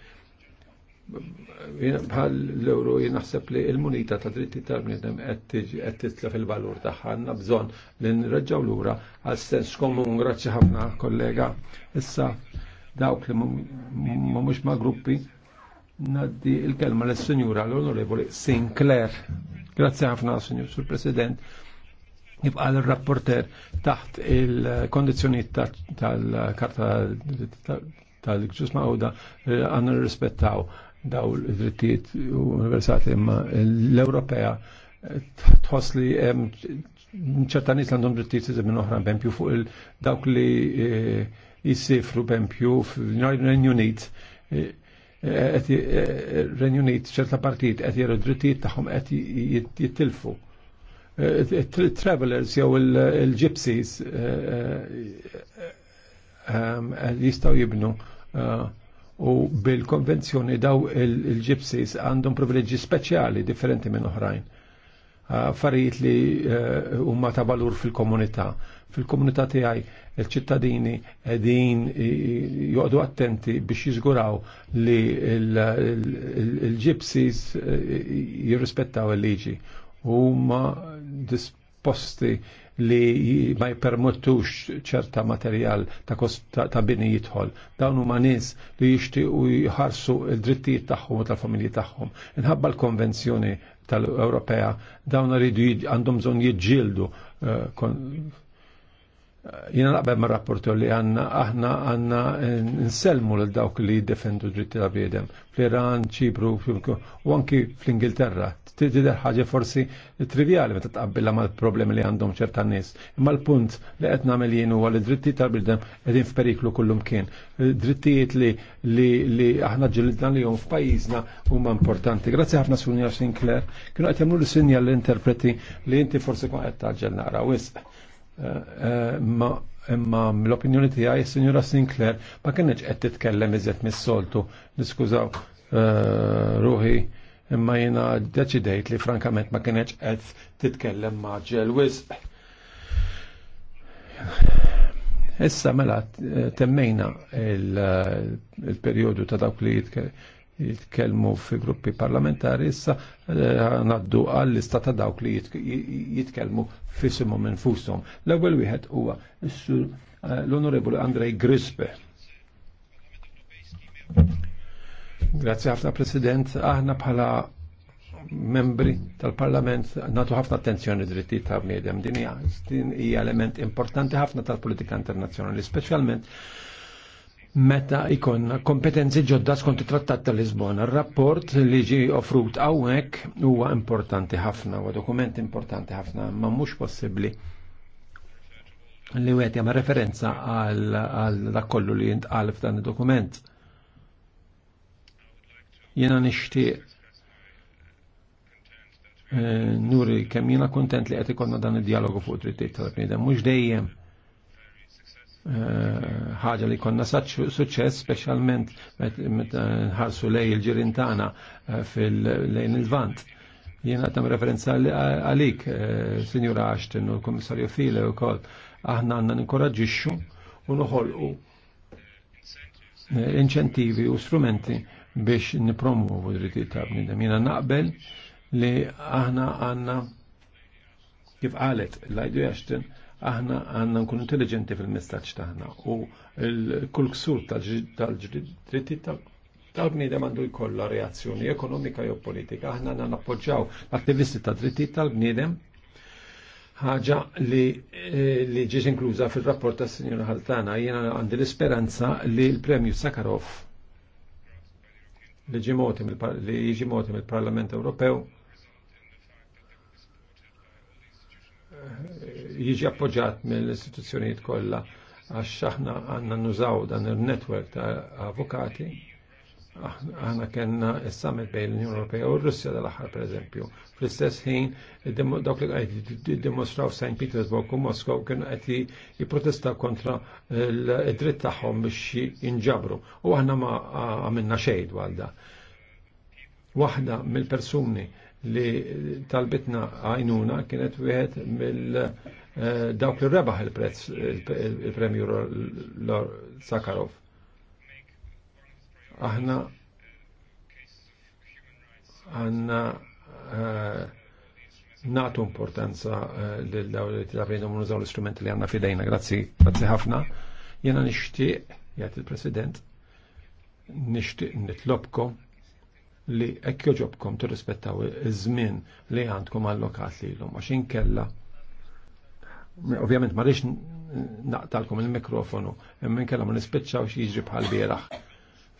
bħal l-euro jinaħseb li il-munita ta' dritti tal-bnidem qed titlef il-valur tagħha għandna bżonn li nreġgħu lura għal sens komun grazzi ħafna kollega. Issa dawk li mhumiex ma' gruppi naddi il-kelma l sinjura l-Onorevoli Sinclair. Grazzi ħafna, Sinjur Sur President. jibqa l-rapporter taħt il-kondizzjonijiet tal-karta tal-ġusma għoda għanna rispettaw daw l-drittijiet universali imma l-Ewropea tħoss li ċerta nies għandhom drittijiet iżda minn oħra bempju fuq il-dawk li jissifru bempju f'Renju Unit Renju Unit ċerta partit qed jeru drittijiet tagħhom qed jittilfu. Travelers jew il-gypsies jistgħu jibnu u bil-konvenzjoni daw il-ġipsis għandhom privileġġi speċjali differenti minn oħrajn. Ah, Farijiet li eh, huma ta' valur fil-komunità. Fil-komunità tiegħi il-ċittadini qegħdin joqgħdu attenti biex jiżguraw li il-ġipsis eh, jirrispettaw il-liġi. Huma disposti li ma jpermettux ċerta materjal ta', ta, ta bini jidħol. Dawn huma nies li jixtiequ jħarsu l-drittijiet tagħhom u tal-familji tagħhom. Inħabba l-konvenzjoni tal-Ewropea dawn rridu għandhom bżonn jiġġieldu eh, Jina naqbel ma' rapportu li għanna aħna għanna nselmu l dawk li jiddefendu dritti ta' bjedem. Fl-Iran, ċipru, u anki fl-Ingilterra. Tidder ħaġa forsi trivjali meta tqabbilha mal-problemi li għandhom ċerta nies. Imma l-punt li qed nagħmel jien huwa li dritti ta' bjedem qegħdin f'periklu kullum kien. Drittijiet li aħna ġilidna li jom f'pajjiżna huma importanti. Grazzi ħafna Sunja Sinclair. Kienu qed jagħmlu l-sinjal l-interpreti li inti forsi kwa' qed taġġel naqra wisq imma l-opinjoni tiegħi is-Sinjura Sinclair ma kienx qed titkellem iżjed mis-soltu. Niskużaw eh, ruħi imma jiena deċidejt li frankament ma kienx qed titkellem ma' ġel Issa mela temmejna il-perjodu eh, ta' dawk li jitkelmu fi gruppi parlamentari issa eh, naddu għall-lista ta' dawk li jitkellmu minn infushom. l ewel wieħed huwa eh, l-Onorevoli Andrej Grispe. Grazie ħafna President, aħna bħala membri tal-Parlament natu ħafna attenzjoni dritti ta' bniedem. Din hija element importanti ħafna tal-politika internazzjonali, speċjalment meta ikon kompetenzi ġodda skont it-Trattat ta' Lisbona. Ir-rapport li ġi offrut hawnhekk huwa importanti ħafna, huwa dokument importanti ħafna, ma mhux possibbli li wieħed jagħmel referenza għal dak kollu li jintqal f'dan id-dokument. Jiena nixtieq eh, nuri kemm jiena kuntent li qed ikollna dan id-dialogu fuq drittijiet tal-bniedem mhux dejjem ħaġa li konna suċċess specialment meta nħarsu lej il ġirintana eh, fil-lejn il-vant. Jiena tam referenza għalik, eh, Sinjura Ashton u l-Komissarju File u kol, aħna għanna ninkoraġixxu u noħolqu eh, inċentivi u strumenti biex nipromuvu dritti ta' bnidem. Jiena naqbel li aħna għanna kif għalet l-Ajdu Ashton aħna għanna nkun intelligenti fil-messaġġ taħna u l kull ksur tal-ġritti tal-bniedem għandu jkollha reazzjoni ekonomika jew politika. Aħna għanna nappoġġaw l-attivisti ta' dritti tal-bniedem ħaġa li eh, li ġiex inkluża fil-rapport tas Sinjora Ħaltana jiena għandi l-isperanza li l-Premju Sakarov li ġimotim il mill-Parlament Ewropew jiġi appoġġat mill-istituzzjonijiet kollha għax aħna għandna nużaw dan il-netwerk ta' avukati aħna kena s-summit bejn l-Unjoni Ewropea u r-Russja dal-aħħar pereżempju. Fl-istess ħin dawk li qed jiddemostraw St. Petersburg u Moskow kienu qed jipprotestaw kontra l-dritt tagħhom biex jinġabru u aħna ma għamilna xejn dwar da. Waħda mill-persuni li talbitna għajnuna kienet wieħed mill- Eh, dawk li rebaħ il-prezz il-premju Sakharov. Aħna għanna eh, natu importanza eh, lil daw li t-labejnu nużaw l-istrumenti li għanna fidejna, grazzi, grazzi ħafna. Jena nishtiq, jgħat il-President, nishtiq nitlobkom li ekkjoġobkom t-rispettaw iż-żmien li għandkom allokat li l-lum, għax kella Ovvjament ma rix naqtalkom il-mikrofonu, imma kellam nispiċċaw xi jiġri bħal bieraħ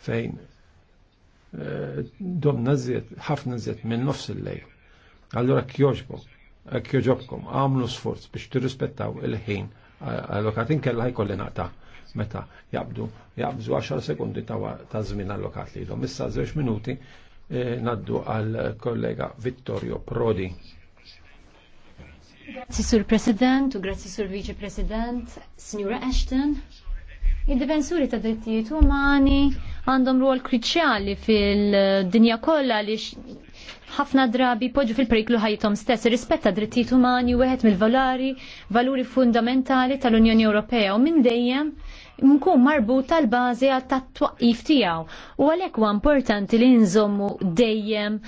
fejn eh, Dom zjed, ħafna zjed minn nofs il-lejl. Allora kjoġbu, eh, kjoġobkom, għamlu sforz biex tirrispettaw il-ħin. Allokat inkella ħajkolli naqta meta jabdu, jabżu 10 sekundi ta' żmien allokat li l-om. Issa 20 minuti eh, naddu għal kollega Vittorio Prodi. Grazzi sur President u grazzi sur Vice President, Signora Ashton. Id-difensuri ta' drittijiet umani għandhom ruol kruċjali fil-dinja kollha li ħafna drabi poġġu fil-periklu ħajtom stess rispetta drittijiet umani wieħed mill-valari, valuri fundamentali tal-Unjoni Ewropea u minn dejjem nkun marbut tal-bażi għat twaqqif tiegħu. U għalhekk huwa importanti li nżommu dejjem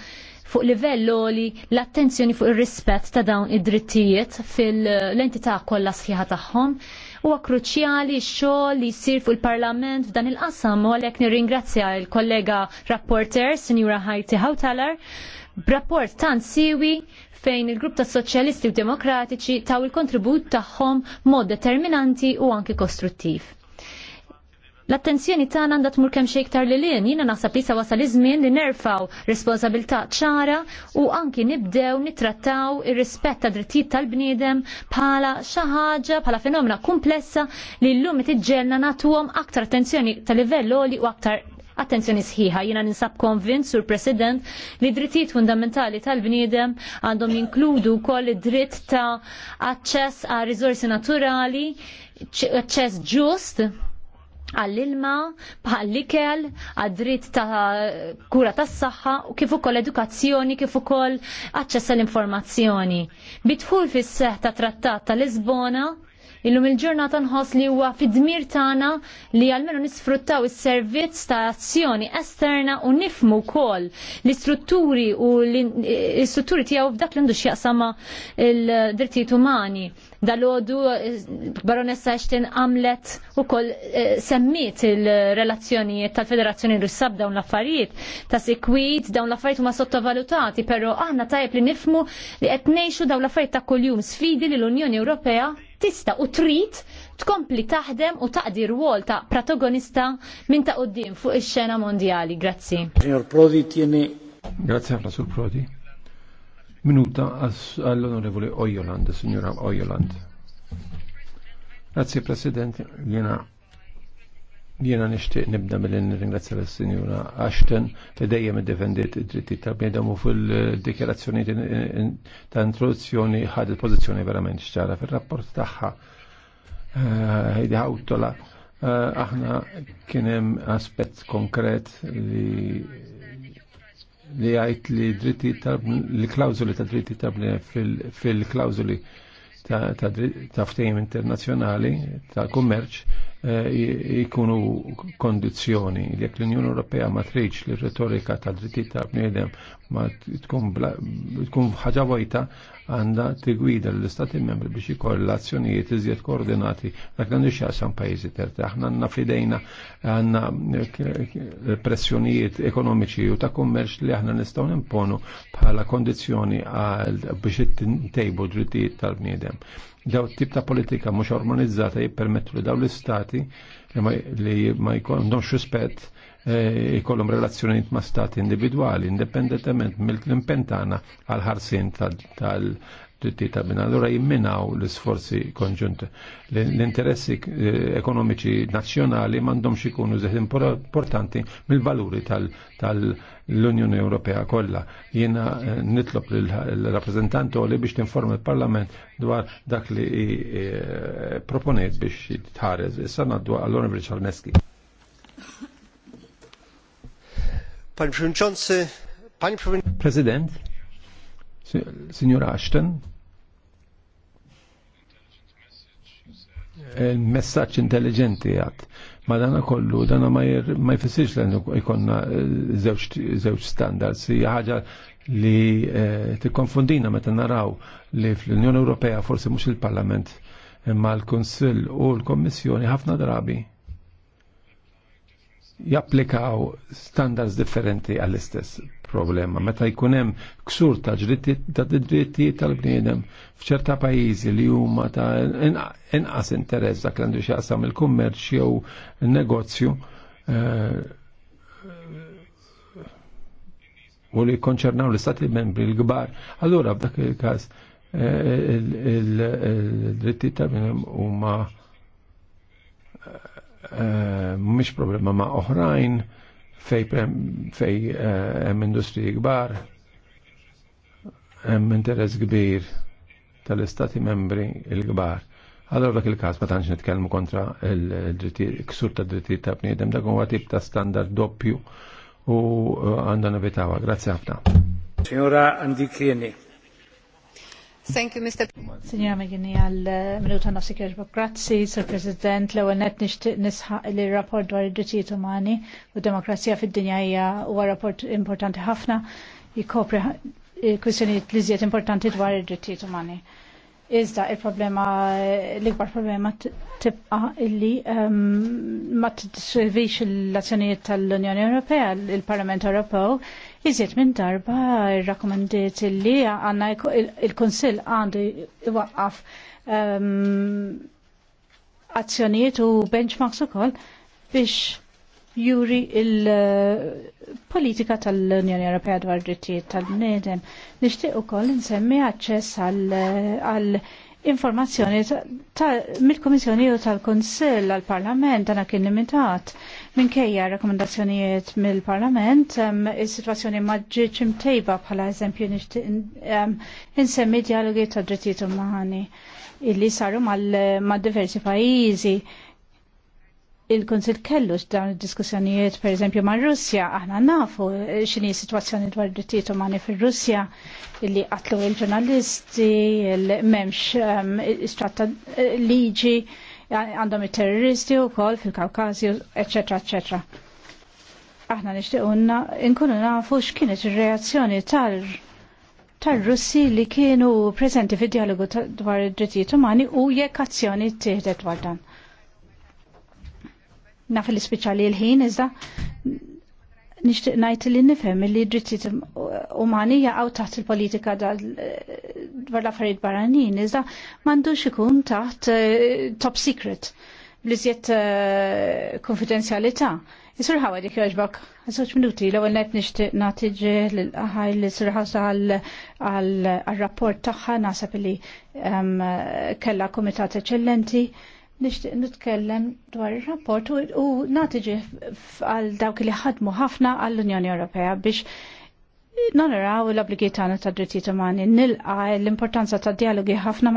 fuq livell li l-attenzjoni fuq ir-rispett ta' dawn id-drittijiet fil-entità kollha sħiħa tagħhom huwa kruċjali x-xogħol li jsir fuq il-Parlament f'dan il-qasam u għalhekk nirringrazzja l-kollega rapporter Sinjura Ħajti Hawtalar b'rapport tant siwi fejn il-grupp ta' Soċjalisti u Demokratiċi taw il-kontribut tagħhom mod determinanti u anki kostruttiv. L-attenzjoni tagħna għandha tmur kemm xejn iktar lil in jiena naħseb li sa wasal iż-żmien li nerfaw responsabilità ċara u anki nibdew nittrattaw ir-rispett ta' drittijiet tal-bniedem bħala xi ħaġa bħala fenomena komplessa li llum tiġġelna nagħtuhom aktar attenzjoni ta' livell għoli u aktar attenzjoni sħiħa, jina ninsab konvinz sur president li drittijiet fundamentali tal-bniedem għandhom jinkludu koll dritt ta' access għal rizorsi naturali, access ġust, għall-ilma, bħall-ikel, għad-dritt ta' kura tas saħħa u kif ukoll edukazzjoni, kif ukoll aċċess l-informazzjoni. Bidħul fis seħħ ta' trattat ta' Lisbona, illum il-ġurnata nħoss li huwa fid-dmir tagħna li għalmenu nisfruttaw is-servizz ta' azzjoni esterna u nifmu wkoll l-istrutturi u l-istrutturi tiegħu f'dak l-indux jaqsama l-drittijiet umani. Dalodu eh, Baronessa Ashton għamlet u koll eh, semmiet il-relazzjonijiet tal-Federazzjoni Russa dawn l-affarijiet ta' sikwit dawn l-affarijiet huma sottovalutati, pero aħna tajb li nifmu li qed ngħixu dawn l-affarijiet ta' kuljum sfidi li l-Unjoni Ewropea tista' u trid tkompli taħdem u taqdi rwol ta' protagonista minn ta' qoddim fuq ix-xena mondjali. Grazzi. Grazie Prodi Prodi. Minuta għall-Onorevoli Ojoland, signora Ojoland. Grazie President, jena jena nishtiq nibda mill-ringrazzja l signora Ashton li dejjem id-defendiet id-dritti tal-bnedem u fil-dikjerazzjoni ta' introduzzjoni ħad il pozizjoni verament xċara fil-rapport tagħha ħejdi eh, ħawtola eh, aħna kien hemm aspett konkret li li għajt li dritti l-klawzuli ta' dritti ta' fil-klawzuli ta' ftehim internazzjonali ta' kummerċ Eh, jikunu kondizjoni li jekk l-Unjoni Ewropea ma triċ li retorika ta' drittijiet ta' bniedem ma tkun ħaġa vojta għandha tigwida l-Istati membri biex ikollha azzjonijiet iżjed koordinati dak dan x'jaqsam pajjiżi terti. Aħna għandna fidejna għandna pressjonijiet ekonomiċi u ta' kummerċ li aħna nistgħu nimponu bħala kondizzjoni għal biex tejbu drittijiet tal-bniedem Daw tip ta' politika mhux ormonizzata jippermettu li daw l-istati li ma jkollhomx rispett jkollhom eh, relazzjonijiet ma' stati individwali indipendentement mill-impentana għal ħarsin tal dritti ta' bina. Allora jimminaw l-sforzi konġunti. L-interessi eh, ekonomiċi nazjonali mandom xikunu zeħd importanti mill-valuri tal-, tal-, tal l-Unjoni Ewropea kollha. Jiena eh, nitlob l-rappreżentantu li biex tinforma l-Parlament dwar dak li eh, proponiet biex tħares. Issa naddu għall-Onorevoli Czarneski. President, Przewodniczący, Signora Ashton, eh, il-messaċ intelligenti għat Ma dana kollu, dana ma, ma l ikonna eh, zewċ standards, hija ħaġa li eh, tikkonfundina meta naraw li fl-Unjoni Ewropea forsi mhux il-Parlament imma eh, l-Kunsill u l-Kommissjoni ħafna drabi japplikaw standards differenti għall-istess problema. Meta jkun hemm ksur ta' dritti tal-bniedem f'ċerta pajjiżi li huma ta' inqas interess dak li għandu x'jaqsam il-kummerċ jew il-negozju eh, u li konċernaw l-istati membri l-gbar, allura b'dak il-każ eh, il-dritti tal-bniedem huma eh, mhumiex problema ma' oħrajn fej fej eh, hemm industriji kbar, hemm interess kbir tal-istati membri il-kbar. Allora dak il-każ ma tantx nitkellmu kontra l-ksur ta' drittijiet ta' bniedem dak huwa tip ta' standard doppju u eh, għandna Vitawa. Grazzi ħafna. Signora Andikieni. Thank you, Mr. Signora Meghini, għal-minuta nafsi kħerba. Grazzi, Sir President, l għennet nisħaq li rapport dwar id-drittijiet umani u demokrazija fid-dinja hija huwa rapport importanti ħafna jikopri kwistjonijiet li żjed importanti dwar id-drittijiet umani. Iżda il-problema, l-ikbar problema tibqa illi ma t-srivix l-azzjonijiet tal-Unjoni Ewropea, il-Parlament Ewropew, Iżiet minn darba rakkomandiet li għanna il-Konsil għandu iwaqqaf ehm, azzjoniet u benchmarks ukoll biex juri il-politika tal-Unjoni Ewropea dwar drittijiet tal-bnedem. Nixtieq ukoll insemmi aċċess għal informazzjoni mill-Komissjoni u tal konsell għal parlament għana kien limitat minkejja rekomendazzjonijiet mill-Parlament is-sitwazzjoni ma ġietx imtejba bħala eżempju insemmi dialogi ta' drittijiet umani illi saru mal diversi pajjiżi il-Konsil kellu id diskussjonijiet per eżempju ma' Russja, aħna nafu eh, xini situazzjoni dwar drittijiet umani fil russja li qatlu il-ġurnalisti, il-memx ehm, istratta eh, liġi, eh, għandhom il-terroristi u kol fil-Kawkazju, etc. etc. Aħna unna, inkunu nafu x'kienet il-reazzjoni tal tar-Russi li kienu prezenti fid-dialogu dwar id-drittijiet umani u jekk azzjoni tieħdet dwar dan naf li speċali l-ħin, iżda nishtiq najt li nifhem li drittijiet umani jaqgħu taħt il-politika dwar l-affarijiet barranin, iżda m'għandux ikun taħt eh, top secret bliżjed eh, konfidenzjalità. Isur ħawa dik joġbok, għazoċ minuti, l ewwel net nishtiq natiġi l-ħaj li surħas għal-rapport taħħa ehm, nasab li kella komitat eċċellenti nixtieq nitkellem dwar ir-rapport u natiġi għal dawk li ħadmu ħafna għall-Unjoni Ewropea biex naraw l-obbligi tagħna ta' drittijiet umani nilqa l-importanza ta' dialogi ħafna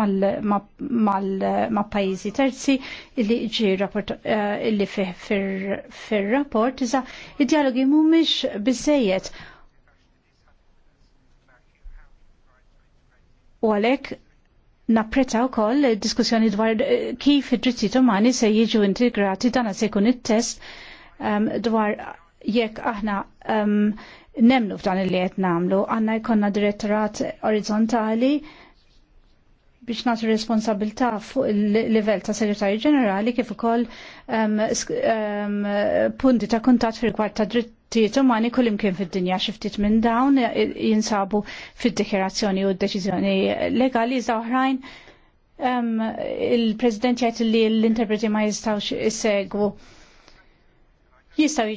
ma' pajjiżi terzi li ġi illi eh, fir-rapport iżda id-dialogi mhumiex biżejjed u għalek Napprezza wkoll diskussjoni dwar eh, kif id-drittijiet umani se jiġu integrati dan se jkun it-test um, dwar jekk aħna um, nemnu f'dan li qed nagħmlu, għandna jkollna direttorat orizzontali biex nagħtu responsabilità fuq il-livell ta' segretarju ġenerali kif ukoll um, um, punti ta' kuntatt fir ta' dritt drittijiet umani kullimkien fid-dinja xi ftit minn dawn jinsabu fid-dikjerazzjoni u d-deċiżjoni legali iżda oħrajn um, il-President jgħid li l-interpreti ma jistawx isegwu jistaw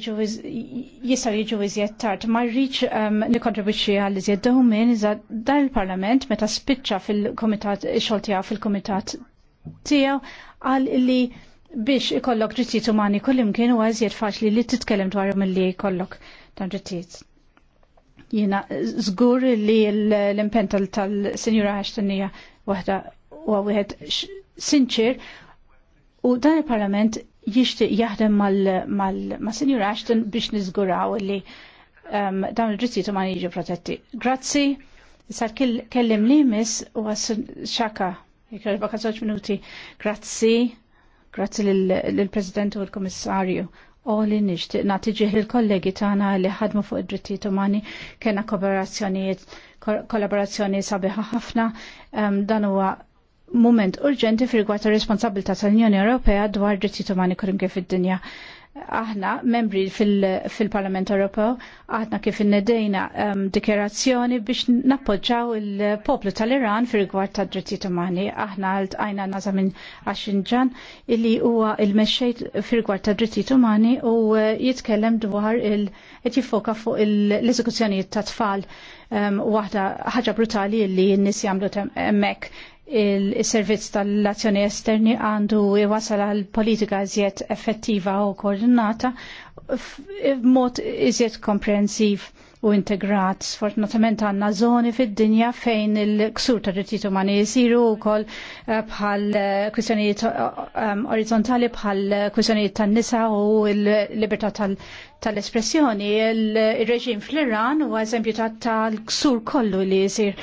jiġu iżjed tard. Ma rriċ um, nikontribuċi għal iżjed minn iżda dan il-Parlament meta spiċċa fil-komitat, xoltijaw fil-komitat tijaw, għal li biex ikollok drittijiet umani kullimkien huwa iżjed faċli li titkellem dwar milli jkollok dan drittijiet. Jiena żgur li l impental tal-Sinjura Ashton hija waħda huwa wieħed sinċir u dan il-Parlament jixtieq jaħdem mal-Sinjura Ashton biex niżguraw li um, dawn id-drittijiet umani jiġu protetti. Grazzi, sar kellim li miss u għas xaka. Jekk minuti. Grazzi. Grazzi lill-President u l-Komissarju. U li nixtieq l il-kollegi tagħna li ħadmu fuq id-drittijiet umani kena kollaborazzjoni sabiħa ħafna dan huwa moment urġenti fil-rigward responsabilità tal-Unjoni Ewropea dwar drittijiet umani kull kif id-dinja aħna membri fil-Parlament Ewropew, aħna kif innedejna um, dikjerazzjoni biex nappoġġaw il-poplu tal-Iran fir rigward ta' drittijiet umani. Aħna għajna naza minn għaxinġan illi huwa il-mexxej fir rigward ta' drittijiet umani u eh, jitkellem dwar il- qed jiffoka fuq l-eżekuzzjonijiet ta' tfal um, waħda ħaġa brutali illi n-nies jagħmlu hemmhekk il-servizz tal-azzjoni esterni għandu jwasal għal politika iżjed effettiva u koordinata b'mod iżjed komprensiv u integrat. Sfortunatament għanna zoni fid-dinja fejn il-ksur ta' rittit umani jisiru u kol eh, bħal eh, kwistjonijiet eh, orizzontali bħal kwistjonijiet tan-nisa u l-libertà tal-espressjoni. Il-reġim fl-Iran u ta' tal-ksur kollu li jisir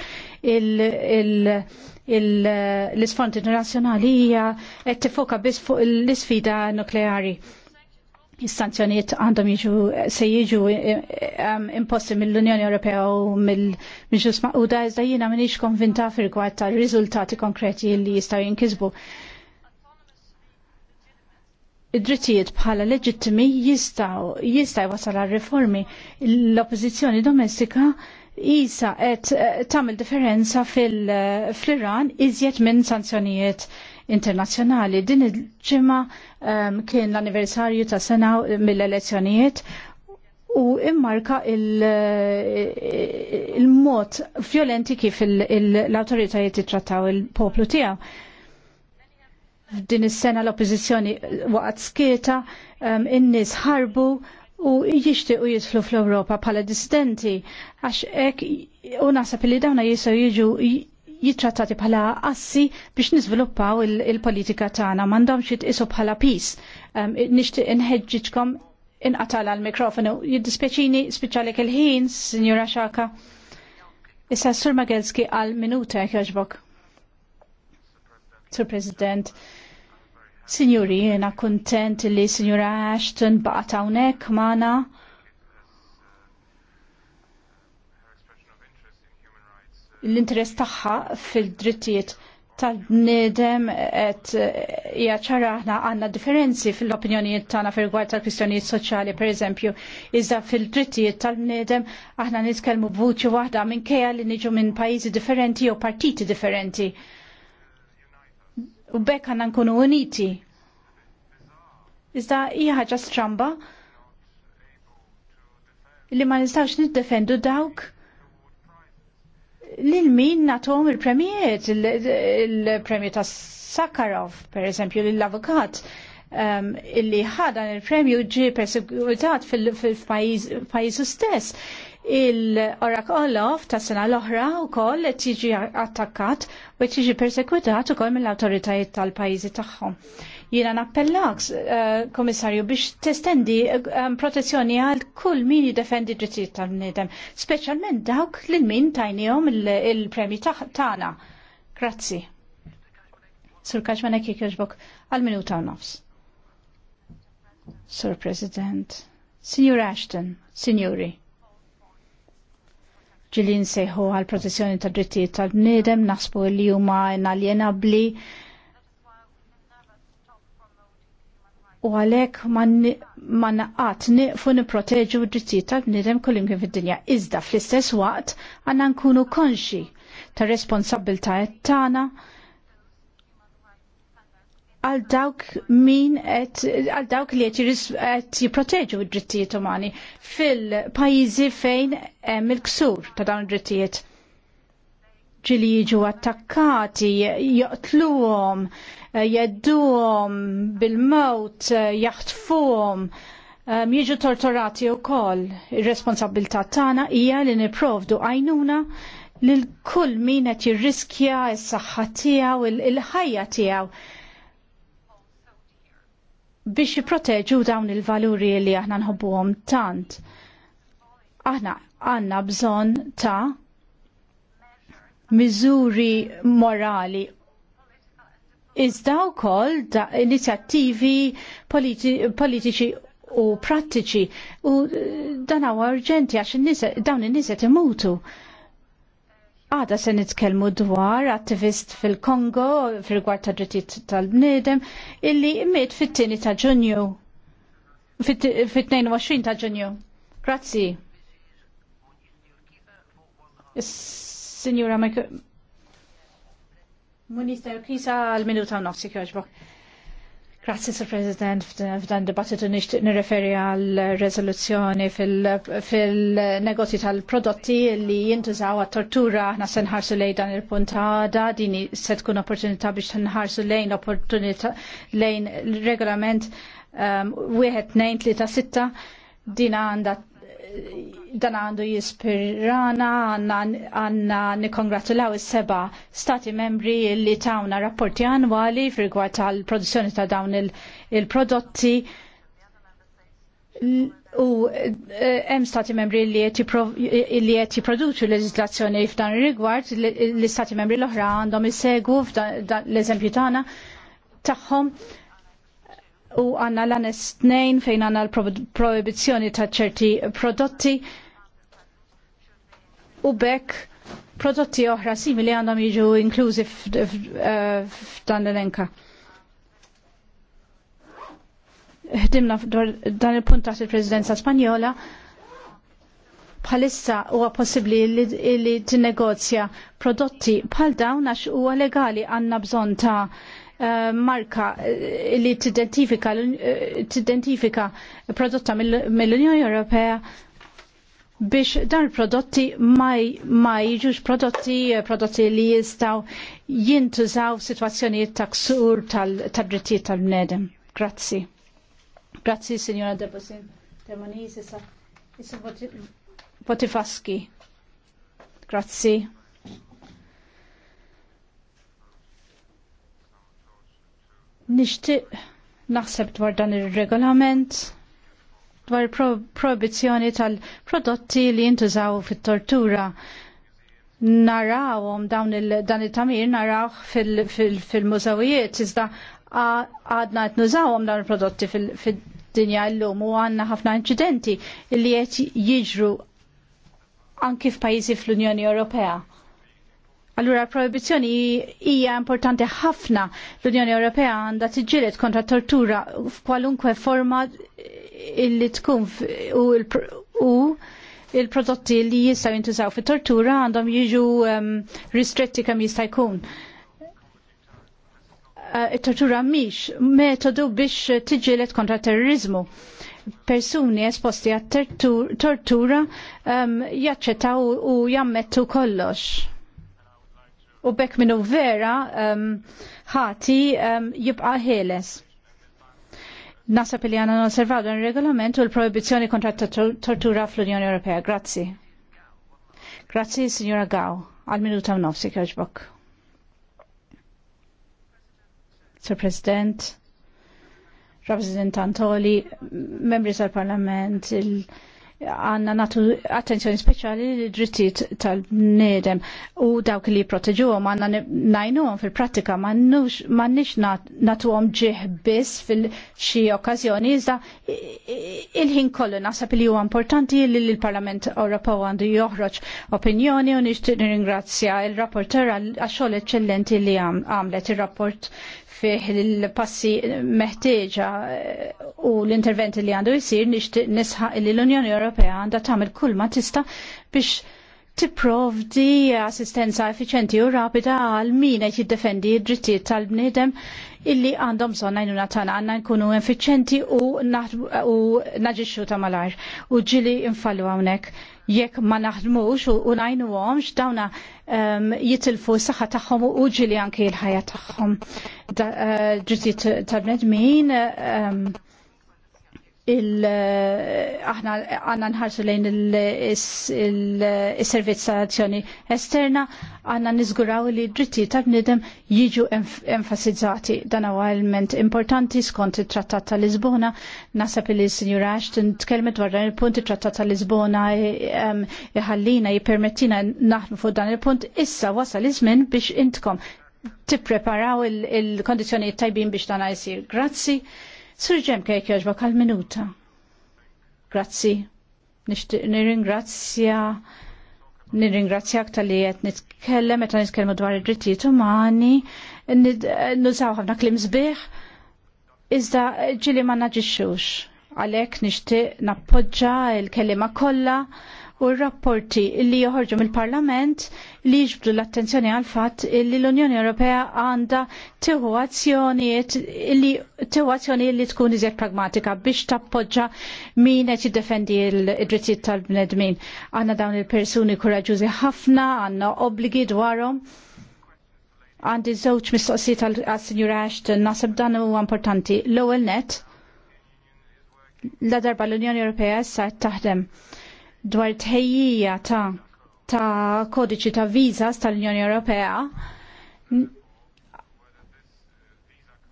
il- l-isfond internazzjonali hija qed tifoka biss fuq l-isfida nukleari. Is-sanzjonijiet għandhom jiġu se jiġu um, imposti mill-Unjoni Ewropea u mill-ġus maquda iżda jiena m'iniex konvinta fil-rigward tal-riżultati konkreti li jistgħu jinkisbu id-drittijiet bħala leġittimi jistgħu jista' wasal għal riformi l oppożizzjoni domestika isa qed eh, tagħmel differenza fil-Iran eh, iżjed minn sanzjonijiet internazzjonali. Din il-ġimgħa um, kien l-anniversarju ta' sena mill-elezzjonijiet u immarka eh, il-mod il violenti kif l-autoritajiet trattaw il-poplu tijaw. F'din is-sena l-oppożizzjoni waqgħet skieta, um, in-nies ħarbu, u jixtiequ jidħlu fl-Ewropa bħala dissidenti għax hekk u nasab li dawna jistgħu jiġu jittrattati bħala assi biex niżviluppaw il-politika tana, tagħna m'għandhomx isu bħala pis. Um, Nixtieq inħeġġiġkom inqatala l-mikrofonu. Jiddispjaċini speċjali il-ħin, signora Xaka. Issa Sur Magelski għal minuta jogħġbok. Sur President. Signori, jena kontent li signora Ashton baqta unek mana. L-interess taħħa fil-drittijiet tal-bnedem et ħna għanna differenzi fil-opinjonijiet tana fil rigward tal-kwistjonijiet soċjali, per eżempju, iżda fil-drittijiet tal-bnedem aħna nitkellmu b'vuċi waħda minn kejja li niġu minn pajizi differenti u partiti differenti u bekk għanna nkunu uniti. Iżda hija ħaġa stramba li ma nistawx niddefendu dawk lil min natom il-premijiet, il-premju ta' Sakharov, per eżempju, l-avukat, um, illi ħadan il-premju ġi persegwitat fil-pajizu stess. Il-Orak Olof ta' sena l-oħra u koll tiġi attakkat u tiġi persekutat u koll mill-autoritajiet tal-pajizi tagħhom. Jiena nappellax, eh, komissarju, biex testendi eh, protezzjoni għal kull min jiddefendi drittijiet tal nidem speċjalment dawk lil min tajnijom il premi tagħna. Grazzi. Sur Kaċmana Kikjoġbok, għal-minuta u nofs. Sur President, Signor Ashton, Signori ġili nsejħu għal protezzjoni ta' drittijiet tal-bniedem, nasbu li huma inaljenabbli. U għalhekk ma naqat niqfu nipproteġu drittijiet tal-bniedem kullim kif id dinja Iżda fl-istess waqt għandna nkunu konxi tar responsabilta tagħna ta għal dawk min għal dawk li qed jipproteġu id drittijiet umani fil-pajjiżi fejn hemm il-ksur ta' dawn id-drittijiet. Ġili jiġu attakkati, joqtluhom, jedduhom bil-mewt, jaħtfuhom, um, jiġu torturati wkoll. Ir-responsabilità tagħna hija li nipprovdu għajnuna lil kull min qed jirriskja s-saħħa tiegħu, il-ħajja tiegħu biex jiproteġu dawn il-valuri li aħna nħobbuhom tant. Aħna għanna bżon ta' miżuri morali iżda wkoll inizjattivi politi politiċi u prattiċi u eh, dan huwa urġenti għax dawn in-nies imutu. Għada se nitkellmu dwar attivist fil-Kongo fil-rigward ta' drittijiet tal-bniedem illi imiet fit-tieni ta' Ġunju. Fit-22 ta' Ġunju. Grazzi. Signora Munista Kisa għal-minuta nofsi kħoġbok. Grazzi, Sir President, f'dan dibattitu nixtieq nirreferi għal rezoluzzjoni fil-negozju tal-prodotti li jintużaw għat tortura aħna se nħarsu lejn dan il puntada Dini din se tkun opportunità biex nħarsu lejn opportunità lejn regolament um, wieħed 2 3 sitta din għandha dan għandu jispirana għanna nikongratulaw is-seba stati membri li tawna rapporti annwali f'rigward tal-produzzjoni ta' dawn il-prodotti U eh, hemm stati membri li qed jipproduċu leġislazzjoni f'dan ir-rigward, l-istati membri l-oħra għandhom f'dan l-eżempju tagħna tagħhom u għanna l-anes t-nejn fejn għanna l-proibizjoni ta' ċerti prodotti u bekk prodotti oħra simili għandhom jiġu inklużi f'dan l-elenka. Ħdimna dan il-punt taħt il-Presidenza Spanjola bħalissa huwa possibbli li tinnegozja prodotti bħal dawn għax huwa legali għandna bżonn ta' Eh, marka eh, li t-identifika eh, prodotta mill-Unjoni Ewropea biex dan prodotti ma jiġux prodotti prodotti li jistaw jintużaw situazzjoni ta' ksur tal-drittijiet tal-bnedem. Grazzi. Grazzi, signora Debosin. Demonizi, sa' Botifaski. Grazzi. Nixtieq naħseb dwar dan ir-regolament dwar proibizzjoni tal-prodotti li jintużaw fit-tortura narawhom dawn dan il tamir naraw fil-mużawijiet iżda għadna qed dawn il-prodotti fid-dinja llum u għandna ħafna inċidenti li qed jiġru anki f'pajjiżi fl-Unjoni Ewropea. Allura proibizzjoni hija importanti ħafna. L-Unjoni Ewropea għandha tiġġieled kontra tortura f'kwalunkwe forma illi tkun u il-prodotti li jistgħu jintużaw fit-tortura għandhom jiġu ehm, ristretti kemm jista' jkun. Eh, it-tortura mhix metodu biex tiġġieled kontra terrorizmu persuni esposti għat tortura um, jaċċettaw u jammettu kollox u bekk minnu vera ehm, ħati um, um, jibqa ħeles. Nasab li għana osservaw dan il-regolament u l-proibizjoni kontra tortura fl-Unjoni Ewropea. Grazzi. Grazzi, signora Gaw, għal-minuta mnofsi, kħarġbok. Sir President, Rappresentant Oli, membri tal-Parlament, il- għanna natu attenzjoni speċjali li drittijiet tal-bnedem u dawk li proteġuhom għanna najnuhom fil-prattika m'għandniex għom ġieħ biss fil-xi okkażjoni iżda il-ħin kollu naħseb li huwa importanti li l-Parlament Ewropew għandu joħroġ opinjoni u nixtieq nirringrazzja il-rapporter għax-xogħol eċċellenti li għamlet ir-rapport fih l passi meħtieġa eh, u l-interventi li għandu jisir nixtieq nisħaq li l-Unjoni Ewropea għandha tagħmel kull ma tista' biex tipprovdi assistenza effiċenti u rapida għal min qed jiddefendi d-drittijiet tal-bniedem illi għandhom sonna jnuna tana għanna nkunu effiċenti u naġiċu ta' malar u ġili infallu għawnek jekk ma naħdmux u najnu għomx dawna ehm, jitilfu saħħa taħħom u ġili anke l-ħajja taħħom ġizit eh, tal-bnedmin ehm, il eh, aħna għanna nħarsu lejn il-servizz ta' azzjoni esterna għanna nizguraw li dritti ta' bnidem jiġu enfasizzati dan huwa element importanti skont it-Trattat ta' Lisbona nasab li s-Sinjur Ashton tkellmet dwar dan il-punt it-Trattat ta' Lisbona ehm, iħallina jippermettina naħdmu fuq dan il-punt issa wasal iż-żmien biex intkom tippreparaw il-kondizzjonijiet tajbin biex dan jsir. Grazzi. Sir kajk jkjoġba kal-minuta. Grazzi. Nirringrazzja nirringrazzja tal-li jett nitkellem, meta nitkellem dwar id-drittijiet umani, nużaw ħafna klim sbieħ, iżda ġili ma naġiċux. Għalek nishtiq nappoġġa il-kellima kollha u rapporti li joħorġu mill-Parlament li jġbdu l-attenzjoni għal fatt li l-Unjoni Ewropea għandha tieħu azzjoni li tkun iżjed pragmatika biex tappoġġa min qed jiddefendi l-drittijiet tal-bnedmin. Għandna dawn il-persuni kuraġużi ħafna, għandna obbligi dwarhom għandi żewġ mistoqsijiet għas sinjura Ashton, nasib dan huwa importanti. L-ewwel net, la darba l-Unjoni Ewropea issa taħdem dwar tħejjija ta' ta' kodiċi ta' vizas tal-Unjoni Ewropea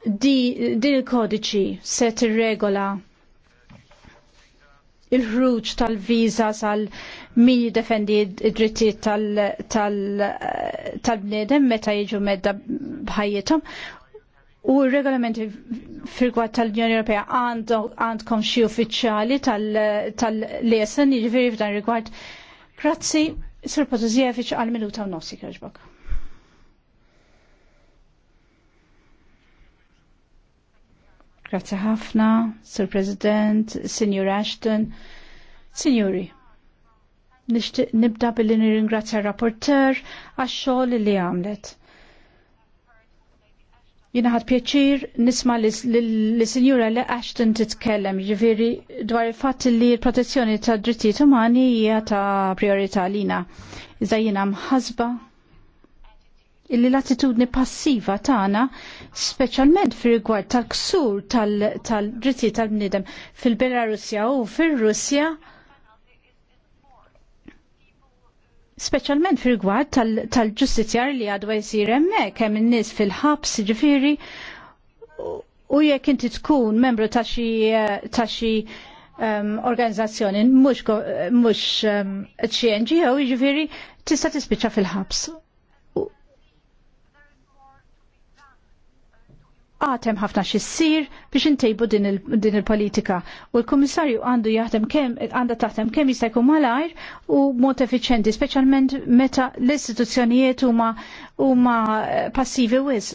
di, l il-kodiċi se tirregola il-ħruġ tal-viza għal min jiddefendi id-drittijiet tal-bniedem meta jiġu medda bħajjithom U regolamenti firgwat tal-Unjoni Ewropea għandkom xi uffiċjali tal-lesen jiġifieri f'dan rigward. Grazzi, Sir Potosievic, għal minuta u nofsi kħarġbok. Grazzi ħafna, Sir President, Signor Ashton, Signori. nibda billi nirringrazzja r-rapporter għax xogħol li għamlet Jina ħad pjaċir nisma li sinjura li Ashton titkellem ġifiri dwar il-fat li l-protezzjoni ta' drittijiet umani hija ta' priorità lina. Iżda jina mħasba illi l-attitudni passiva tagħna speċjalment fir rigward tal-ksur tal-drittijiet tal-bniedem fil-Belarusja u fir-Russja. tal ksur tal drittijiet tal bniedem fil belarusja u russja tal ksur tal tal fil belarusja u fir russja Speċjalment fil rigward tal-ġustizjar li għadwa jisir hemmhekk hemm in-nies fil-ħabs ġifiri, u jekk inti tkun membru ta' xi um, organizzazzjoni mhux um, xi NGO jiġifieri tista' tispiċċa fil-ħabs. għatem ħafna xissir biex intejbu din il-politika. u l-Komissarju għandu jaħdem kem, għanda taħdem kem jistajku malajr u mod effiċenti, specialment meta l-istituzzjonijiet huma ma eh, passivi wis.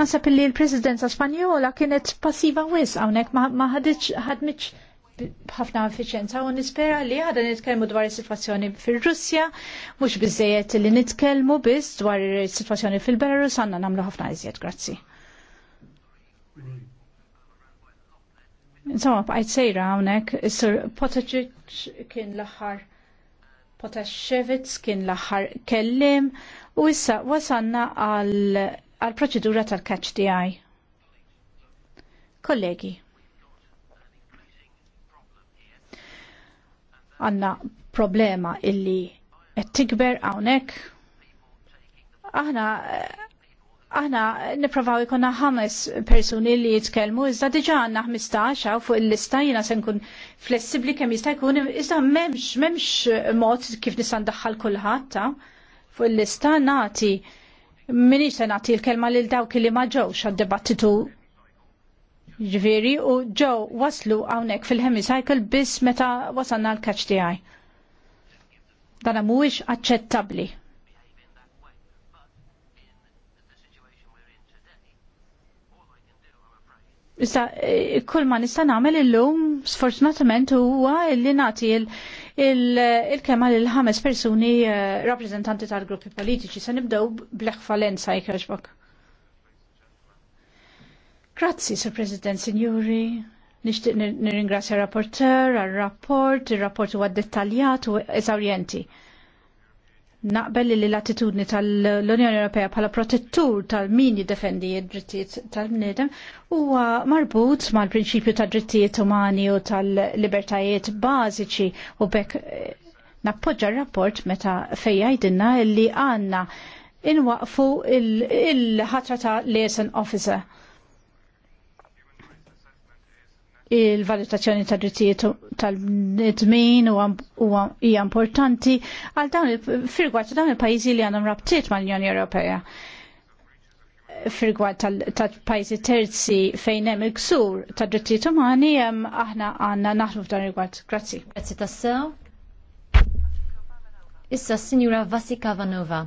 Nasab li l-Presidenza Spanjola kienet passiva wis hawnhekk ma ħadiċ ħadmitx bħafna effiċenza u nispera li għada nitkellmu dwar is-sitwazzjoni fil-Russja, mhux biżejjed li nitkellmu biss dwar is-sitwazzjoni fil-Belarus għandna nagħmlu ħafna iżjed, grazzi. Insomma, bqajt sejra hawnhekk, is-Sir Potacic kien l-aħħar Potashevitz kien l-aħħar kellim u issa wasanna għal proċedura tal-catch DI. Kollegi, għanna problema illi qed tikber hawnhekk aħna aħna niprofaw ikonna ħames persuni li jitkellmu, iżda diġa għanna 15 għaw fuq il-lista jina se nkun flessibli kemm jista' jkun, iżda memx, memx mod kif nista' ndaħħal kulħadd fuq il-lista nati. m'iniex se nagħti l-kelma lil dawk li ma ġewx għad-dibattitu ġviri u ġew waslu hawnhekk fil-hemicycle biss meta wasalna l-kaċ tiegħi. Dan mhuwiex aċċettabbli. Issa, eh, kull ma nista' nagħmel illum sfortunatament huwa li nagħti il-kema lil ħames persuni eh, rappreżentanti tal-gruppi politiċi se nibdew bleħ Valenza jkerġbok. Grazzi, Sir President, Signuri, Nixtieq nirringrazzja rapporter għal rapport, ir-rapport huwa dettaljat u eżawrjenti naqbel li l-attitudni tal-Unjoni Ewropea bħala protettur tal-min jiddefendi id-drittijiet tal-bniedem huwa marbut mal-prinċipju tad drittijiet umani u tal-libertajiet bażiċi u bekk eh, nappoġġa r-rapport meta fejjajdinna li għanna inwaqfu il-ħatra ta' liaison officer il-valutazzjoni ta' drittijiet tal-nidmin u hija importanti għal dawn il-firgwat dawn il-pajjiżi li għandhom rabtiet mal-Unjoni Ewropea firgwat tal pajjiżi terzi fejn hemm il-ksur tad drittijiet umani hemm aħna għandna naħdmu f'dan rigward. Grazzi. Grazzi tassew. Issa signora sinjura Vasika Vanova.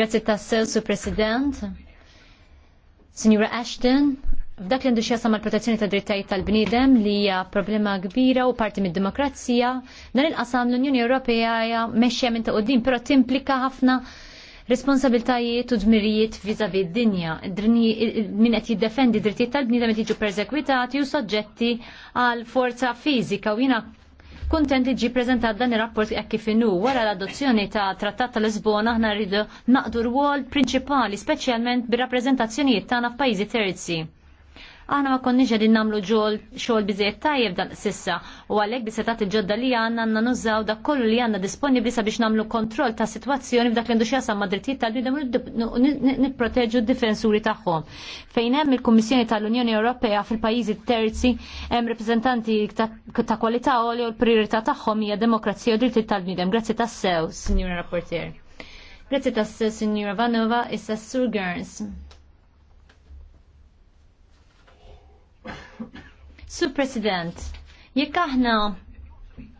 Grazzi tassew, Sur President. Signora Ashton, F'dak li għandu xjasam mal protezzjoni ta' drittajiet tal-bniedem li hija problema kbira u parti mid-demokrazija, dan il-qasam l-Unjoni Ewropea hija mexxija minn ta' qudiem, però timplika ħafna responsabiltajiet u dmirijiet viżavi d-dinja. Min qed jiddefendi drittijiet tal-bniedem qed jiġu perżekwitati u soġġetti għal forza fiżika u jiena kontent ġi preżentat dan ir-rapport jekk kif inhu wara l-adozzjoni ta' Trattat tal Lisbona aħna rridu naqdu rwol prinċipali speċjalment bir-rappreżentazzjonijiet tagħna f'pajjiżi terzi. Aħna ma konniġ għedin namlu ġol xol biżiet tajjeb dan sissa u għalek bi il-ġodda li għanna għanna nużaw da kollu li għanna disponibli sabiex namlu kontroll ta' situazzjoni f'dak l-indux jasam madrittijiet tal-bidem niproteġu d-difensuri tagħhom. Fejn hemm il-Kummissjoni tal-Unjoni Ewropea fil-pajjiżi terzi hemm reprezentanti ta' kwalità għoli u l-priorità tagħhom hija demokrazija u drittijiet tal-bidem. Grazzi tas-sew, Signora rapporter. Grazzi tas Signora Vanova, issa Sur Gerns. Sur President, jekk aħna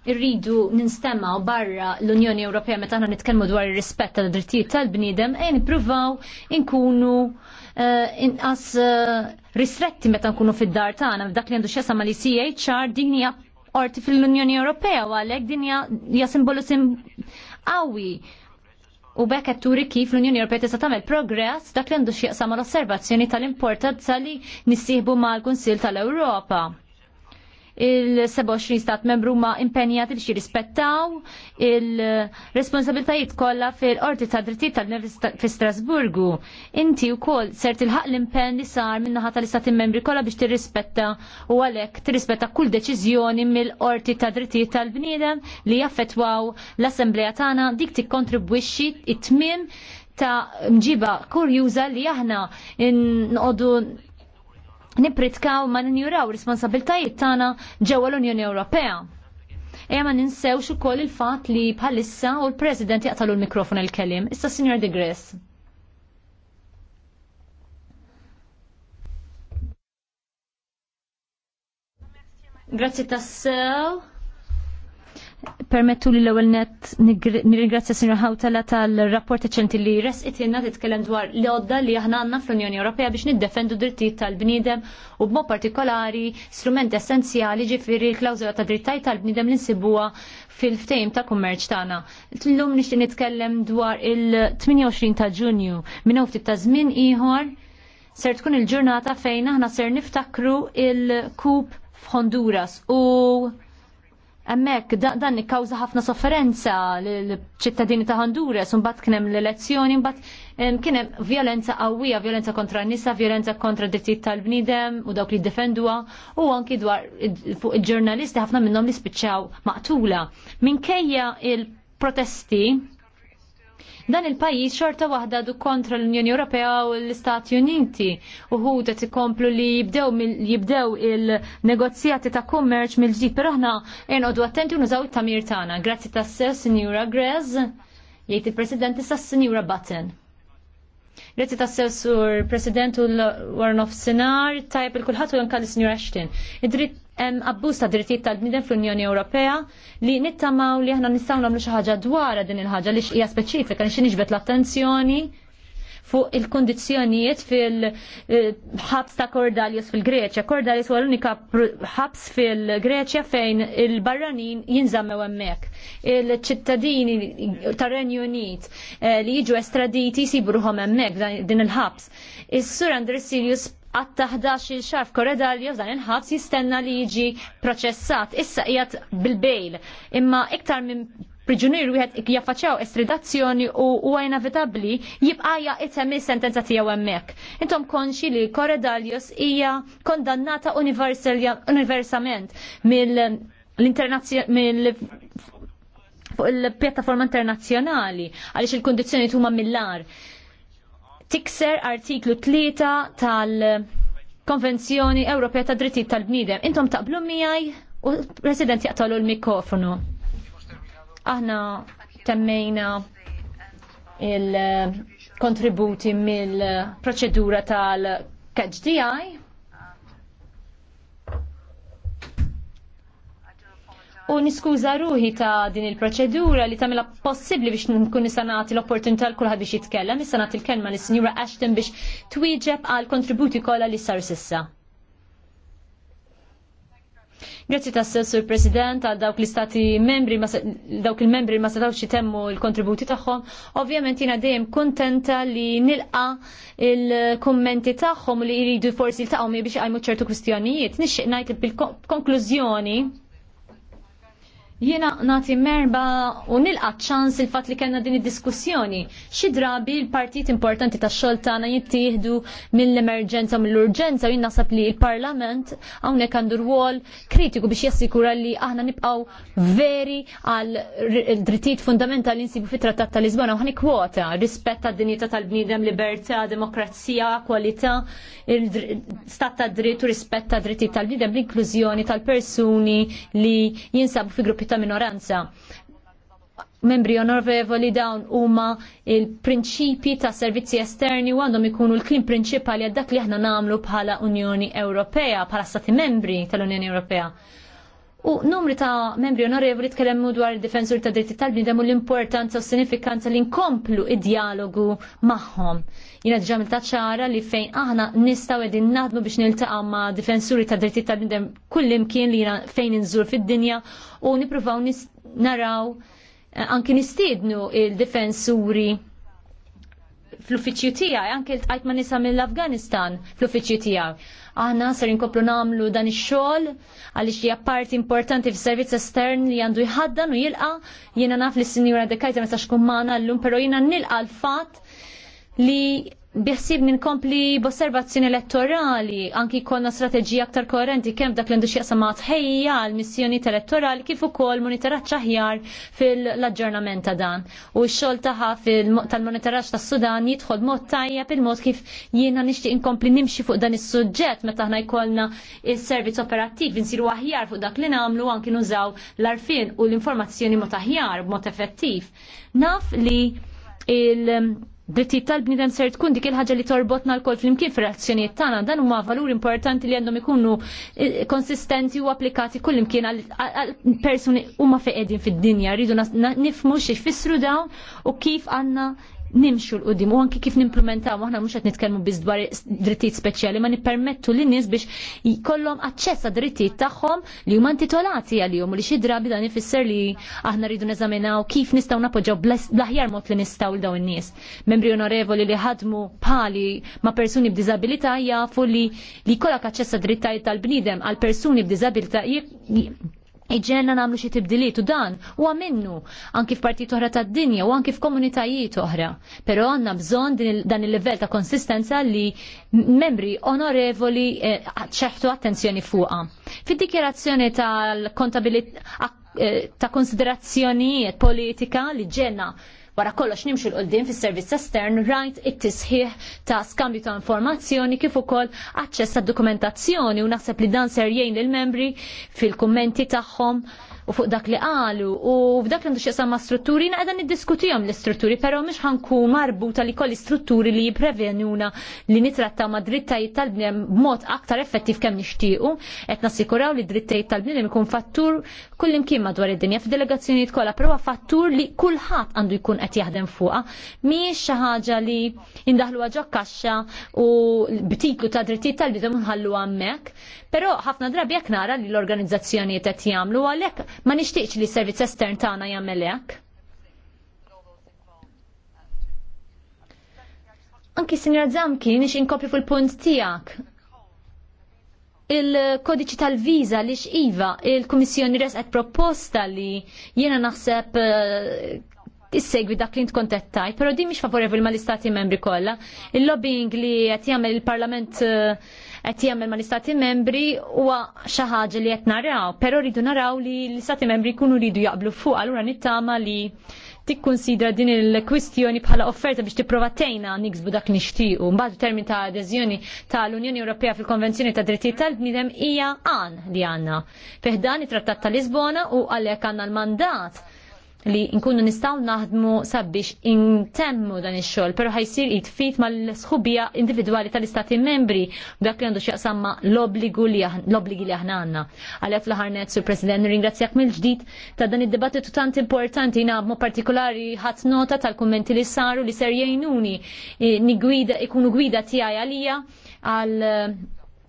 rridu ninstemaw barra l-Unjoni Ewropea meta aħna nitkellmu dwar ir-rispett tad drittijiet tal-bniedem qed nippruvaw inkunu eh, inqas eh, ristretti meta nkunu fid-dar tagħna f'dak li għandu xesa ma li CHR din hija orti fil-Unjoni Ewropea u għalhekk din hija simbolu sim qawwi u bekk qed turi kif l-Unjoni Ewropea tista' tagħmel progress dak li għandu x'jaqsam għall osservazzjoni tal-importanza li nissieħbu mal-Kunsill tal-Ewropa il-27 stat membru ma impenjati biex jirrispettaw il responsabiltajiet kollha fil-qorti ta' drittijiet tal fi Strasburgu. Inti wkoll il tilħaq l-impenn li sar minnaħa tal-istati membri kollha biex tirrispetta u għalhekk tirrispetta kull deċiżjoni mill-qorti ta' drittijiet tal-bniedem li jaffetwaw l-Assembleja tagħna dik tikkontribwixxi it-tmiem ta' mġiba kurjuża li aħna nqodu nipritkaw ma ninjuraw responsabiltajiet tagħna ġewwa l-Unjoni Ewropea. Ejja ma ninsewx ukoll il-fatt li bħalissa u l-President jaqtalu l-mikrofon il-kelim. Issa Sinjor De Gress. Grazzi tassew permettu li l-ewel net nirringrazzja Sinra Hawtala tal-rapport eċenti li resqit jenna titkellem dwar l-odda li aħna għanna fl-Unjoni Ewropea biex niddefendu drittijiet tal-bniedem u b'mod partikolari strument essenzjali ġifiri l-klawzola ta' drittaj tal-bniedem li nsibuha fil-ftejm ta' kummerċ tagħna. Llum nixtieq nitkellem dwar il-28 ta' Ġunju minn ftit ta' żmien ieħor ser tkun il-ġurnata fejn aħna ser niftakru il-kup f'Honduras u Emmek, dan ikkawza ħafna sofferenza l-ċittadini ta' Honduras, un bat kienem l-elezzjoni, un bat kienem violenza qawwija, violenza kontra nisa, violenza kontra drittijiet tal-bnidem u dawk li defendua, u anki dwar fuq il-ġurnalisti ħafna minnhom li spiċċaw maqtula. Minkejja il-protesti Dan il-pajjiż xorta waħda du kontra l-Unjoni Ewropea u l-Istati Uniti uħu qed ikomplu li jibdew jibdew il-negozjati ta' kummerċ mill-ġdid, però aħna inqogħdu attenti u nużaw il tamir tagħna. Grazzi tas-sew, Signora Grez, jgħid il-President issa Sinjura Button ta' sew sur President u l of Senar, tajb il-kulħat u l-anka l-Sinjur Ashton. Id-dritt abbuż ta' drittijiet tal-bniedem fl-Unjoni Ewropea li nittamaw li aħna nistgħu nagħmlu xi ħaġa dwar din il-ħaġa li hija speċifika nixi niġbet l-attenzjoni fuq il-kondizjonijiet fil-ħabs ta' Kordalius fil-Greċja. Kordalius huwa l-unika ħabs fil-Greċja fejn il-barranin jinżammew hemmhekk. Il-ċittadini tar renju Unit eh, li jiġu estraditi jisibruhom hemmhekk din il-ħabs. Is-Sur Andresilius għatta 11 xarf korredalju dan il-ħabs jistenna li jiġi proċessat. Issa qiegħed bil-bejl. Imma iktar minn priġunier wieħed jaffaċċjaw estridazzjoni u huwa inevitabbli jibqa' jaqisem is-sentenza tiegħu hemmhekk. Intom konxi li Corridalius hija kondannata universalment mill fuq il-pjattaforma internazzjonali għaliex il-kondizzjoni huma mill-ar. Tikser artiklu 3 tal-Konvenzjoni Ewropea ta' Drittijiet tal-Bniedem. Intom taqblu miegħi u President jaqtalu l-mikrofonu. Aħna temmejna il-kontributi mill-proċedura tal-KGDI. U niskuża ruħi ta' din il-proċedura li tagħmilha possibbli biex nkun nisanati nagħti l-opportunità l kulħadd biex jitkellem, issa nagħti l-kelma lis-Sinjura Ashton biex twieġeb għal kontributi kollha li sar sissa. Grazzi ta' Sur President għal dawk l-istati membri, dawk il-membri ma setawx jitemmu l-kontributi tagħhom. Ovvjament jiena dejjem kuntenta li nilqa il-kummenti tagħhom li jridu forsi l-taqgħu biex għajmu ċertu kwistjonijiet. Nixtieq ngħid bil-konklużjoni Jiena nati merba u nilqa ċans il-fat li kena din id-diskussjoni. Xi drabi l-partit importanti ta' xogħol tagħna jittieħdu mill-emerġenza u mill-urġenza u jien naħseb li l-Parlament hawnhekk għandu rwol kritiku biex jassikura li aħna nibqgħu veri għal drittijiet fundamentali nsibu fit-Trattat ta' Lisbona u kwota rispett tad-dinjità tal-bniedem, libertà, demokrazija, kwalità, stat ta' dritt u rispett ta' drittijiet tal-bniedem, l-inklużjoni tal-persuni li jinsabu fi gruppi ta' minoranza. Membri onorevoli dawn huma il prinċipi ta' servizzi esterni u għandhom ikunu l-klim prinċipali għad dak li aħna nagħmlu bħala Unjoni Ewropea, bħala Stati membri tal-Unjoni Ewropea. U numri ta' membri onorevoli tkellmu dwar il-difensur ta' dritti tal bni u l-importanza u s-sinifikanza li nkomplu id-dialogu magħhom. Jiena dġam il ċara li fejn aħna nistaw edin naħdmu biex niltaqa' ma' difensuri ta' dritti tal-bnidem kullimkien li fejn inżur fid-dinja u nippruvaw naraw eh, anki nistiednu il-difensuri fl-uffiċċju tijaj, anke l-tqajt ma' nisa mill-Afganistan fl-uffiċċju tijaj. Aħna ser inkoplu namlu dan ix-xogħol għaliex hija parti importanti fis-servizz estern li għandu jħaddan u jilqa' jiena naf li s-sinjura Dekajta meta xkun magħna llum, però jiena nilqa' l-fatt li biħsib ninkompli b'osservazzjoni elettorali, anki konna strateġija aktar koerenti kemm dak l-indu xieqsama tħejja għal missjoni elettorali kif ukoll monitoraġġ aħjar fil-aġġornament ta' dan. U x-xogħol tagħha tal-monitoraġġ tas-Sudan jidħol mod tajjeb il-mod kif jiena nixtieq inkompli nimxi fuq dan is-suġġett meta aħna jkollna s servizz operattiv insiru aħjar fuq dak li nagħmlu anki nużaw l-arfin u l-informazzjoni mod aħjar b'mod effettiv. Naf li il- drittijiet tal-bnidem ser tkun dik il-ħaġa li torbotna l-kol fl-imkien fil reazzjonijiet tagħna dan huma valur importanti li għandhom ikunu eh, konsistenti u applikati kull imkien għal persuni huma fejn qegħdin fid-dinja rridu nifmu xi jfissru dawn u kif għandna nimxu l qudim u anki kif nimplementaw, aħna mhux qed nitkellmu biz dwar drittijiet speċjali, ma nippermettu lin nies biex jkollhom aċċess drittijiet tagħhom li huma intitolati għalihom u li xi drabi dan ifisser li aħna rridu neżaminaw kif nistgħu napoġġaw bl-aħjar mod li nistgħu l dawn n nies Membri onorevoli li ħadmu pali ma' persuni b'diżabilità jafu li li jkollok aċċessa għad drittijiet tal-bniedem għal persuni b'diżabilità iġenna namlu xie tibdiliet u dan u minnu anki f'partit oħra ta' dinja u anki f'komunitajiet oħra. Pero għanna bżon dan il-level ta' konsistenza li membri onorevoli eh, ċeħtu attenzjoni fuqa. Fid-dikjerazzjoni tal eh, ta' konsiderazzjonijiet politika li ġenna Wara kollox nimxu l-qoddim fis-servizz estern rajt it-tisħiħ ta' skambju ta' informazzjoni kif ukoll aċċess ta' dokumentazzjoni u naħseb li dan ser jgħin membri fil-kummenti tagħhom u fuq dak li qalu u f'dak li għandu xieqsam ma' strutturi naqda niddiskutijom l-istrutturi, pero mish ħanku marbuta li kolli strutturi li jiprevenjuna li nitratta ma' drittajiet tal-bnem mod aktar effettiv kemm nixtiequ, qed nassikuraw li drittajiet tal-bnem ikun fattur kullim kien madwar id-dinja f'delegazzjonijiet kollha, però fattur li kulħadd għandu jkun qed jaħdem fuqha. Mhijiex xi ħaġa li indaħlu ġo kaxxa u bititlu ta' drittijiet tal-bidem nħallu hemmhekk, Però ħafna drabi jekk nara li l-organizzazzjonijiet qed jagħmlu għalhekk ma nixtieqx li s-servizz estern tagħna jagħmel hekk. Anki Sinjor Zamki nix inkopri fil-punt tiegħek. Il-kodiċi tal-viza li x'iva il-Kummissjoni resqet proposta li jiena naħseb t-segwi eh, dak li tkun tettaj, pero di mhix favorevoli mal istati membri kollha. Il-lobbying li qed jagħmel il-Parlament uh, qed jagħmel mal-istati membri huwa xi ħaġa li qed naraw, però rridu naraw li l-istati membri jkunu rridu jaqblu fuq allura nittama li tikkunsidra din il-kwistjoni bħala offerta biex tipprova tgħinha niksbu dak nixtiequ. Mbagħad termin ta' adeżjoni tal-Unjoni Ewropea fil-Konvenzjoni ta' Drittijiet tal-Bniedem hija għan li għandna. Feħdan, it-Trattat ta' Lisbona u għalhekk għandna l-mandat li nkunu nistaw naħdmu sabiex intemmu dan ix-xogħol, però ħajsir jitfit mal-sħubija individwali tal-istati membri dak li għandu x'jaqsamma l-obbligu li aħna għandna. Għalhekk fl-aħħar sur President nirringrazzjak mill-ġdid ta' dan id-dibattitu tant importanti jiena b'mod partikolari ħadd nota tal-kummenti li saru li ser jgħinuni eh, nigwida ikunu gwida tiegħi għalija għal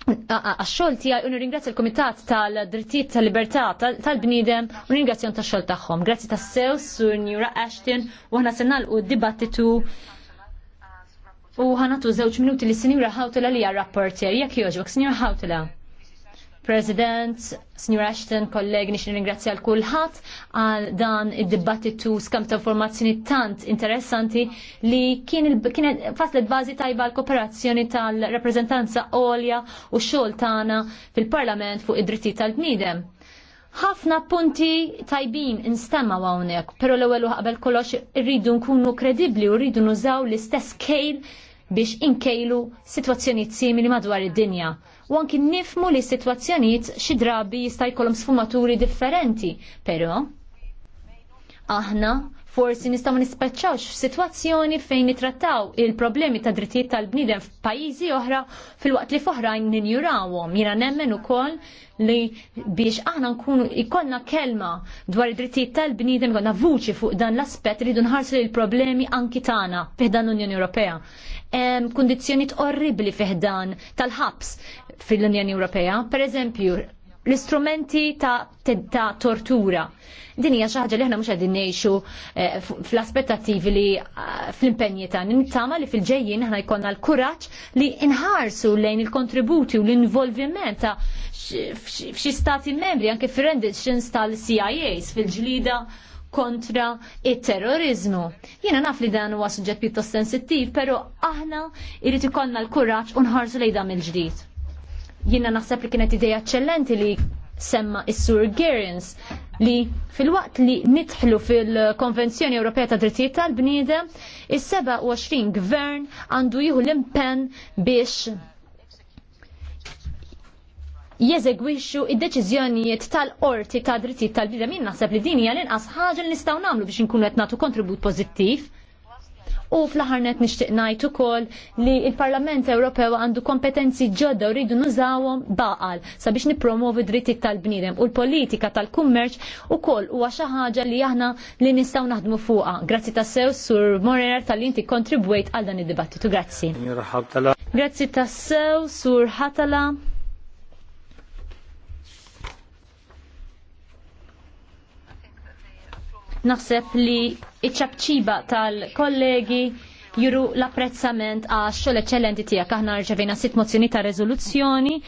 għaxxol xogħol tiegħi u ringrazzja l-Kumitat tal-Drittijiet tal-Libertà tal-Bniedem u nirringrazzjahom tax-xogħol tagħhom. Grazzi tas-sew su Njura Ashton u aħna se u d-dibattitu u ħanatu żewġ minuti li sinjura Hawtela li hija rapporter. Jekk s-Njura Hawtela. President, Sr. Ashton, kollegi, nix ringrazzja l kulħadd għal dan id-dibattitu skam ta' informazzjoni tant interessanti li kien faslet bażi tajba l kooperazzjoni tal-reprezentanza olja u xogħol tagħna fil-Parlament fuq id-dritti tal-bniedem. Ħafna punti tajbin instemma hawnhekk, però l-ewwel qabel kollox rridu nkunu kredibbli u rridu nużaw l-istess kejl biex inkejlu situazzjonijiet simili madwar id-dinja. U anki nifmu li situazzjonijiet xi drabi jista' jkollhom sfumaturi differenti, però aħna forsi nistgħu ma nispeċċawx f'sitwazzjoni fejn nitrattaw il-problemi ta' drittijiet tal-bniedem f'pajjiżi oħra fil-waqt li foħrajn ninjurawhom. Jiena nemmen ukoll li biex aħna nkunu ikollna kelma dwar id-drittijiet tal-bniedem ikollna vuċi fuq dan l-aspett li nħarsu li l-problemi anki tagħna fih dan l-Unjoni Ewropea kondizjoniet orribli fiħdan tal-ħabs fil-Unjoni Ewropea. Per eżempju, l-istrumenti ta', ta tortura. Din hija xi ħaġa li aħna mhux qegħdin ngħixu eh, fl-aspettattivi li eh, fl-impenji ta' nittama li fil-ġejjin aħna jkollna l-kuraġġ li inħarsu lejn il-kontributi u l-involviment ta' f'xi stati membri anke fir-renditions tal-CIAs fil-ġlida kontra it-terrorizmu. Jiena naf li dan huwa suġġett pjuttost sensittiv, però aħna jrid ikollna l-kuraġġ u nħarsu lejn dan mill-ġdid. Jiena naħseb li kienet idea eċċellenti li semma is-Sur Gerins li fil-waqt li nitħlu fil-Konvenzjoni Ewropea ta' Drittijiet tal-Bniedem, is-27 gvern għandu jieħu l-impenn biex jeżegwixxu id-deċiżjonijiet tal-qorti ta' drittijiet tal-bidem. Jien naħseb li din hija l-inqas ħaġa li nistgħu nagħmlu biex inkunu qed nagħtu kontribut pożittiv. U fl-aħħar net nixtieq ngħid ukoll li l-Parlament Ewropew għandu kompetenzi ġodda u rridu nużawhom baqal sabiex nippromovi drittijiet tal-bniedem u l-politika tal-kummerċ ukoll huwa xi ħaġa li aħna li nistgħu naħdmu fuqha. Grazzi tassew sur Morer tal-li inti kontribwejt għal dan id-dibattitu. Grazzi. Grazzi tassew sur Ħatala. Naħseb li iċċabċiba tal-kollegi juru l-apprezzament għax xol eċċellenti tijak. Aħna rġevina sitt mozzjoni ta' rezoluzzjoni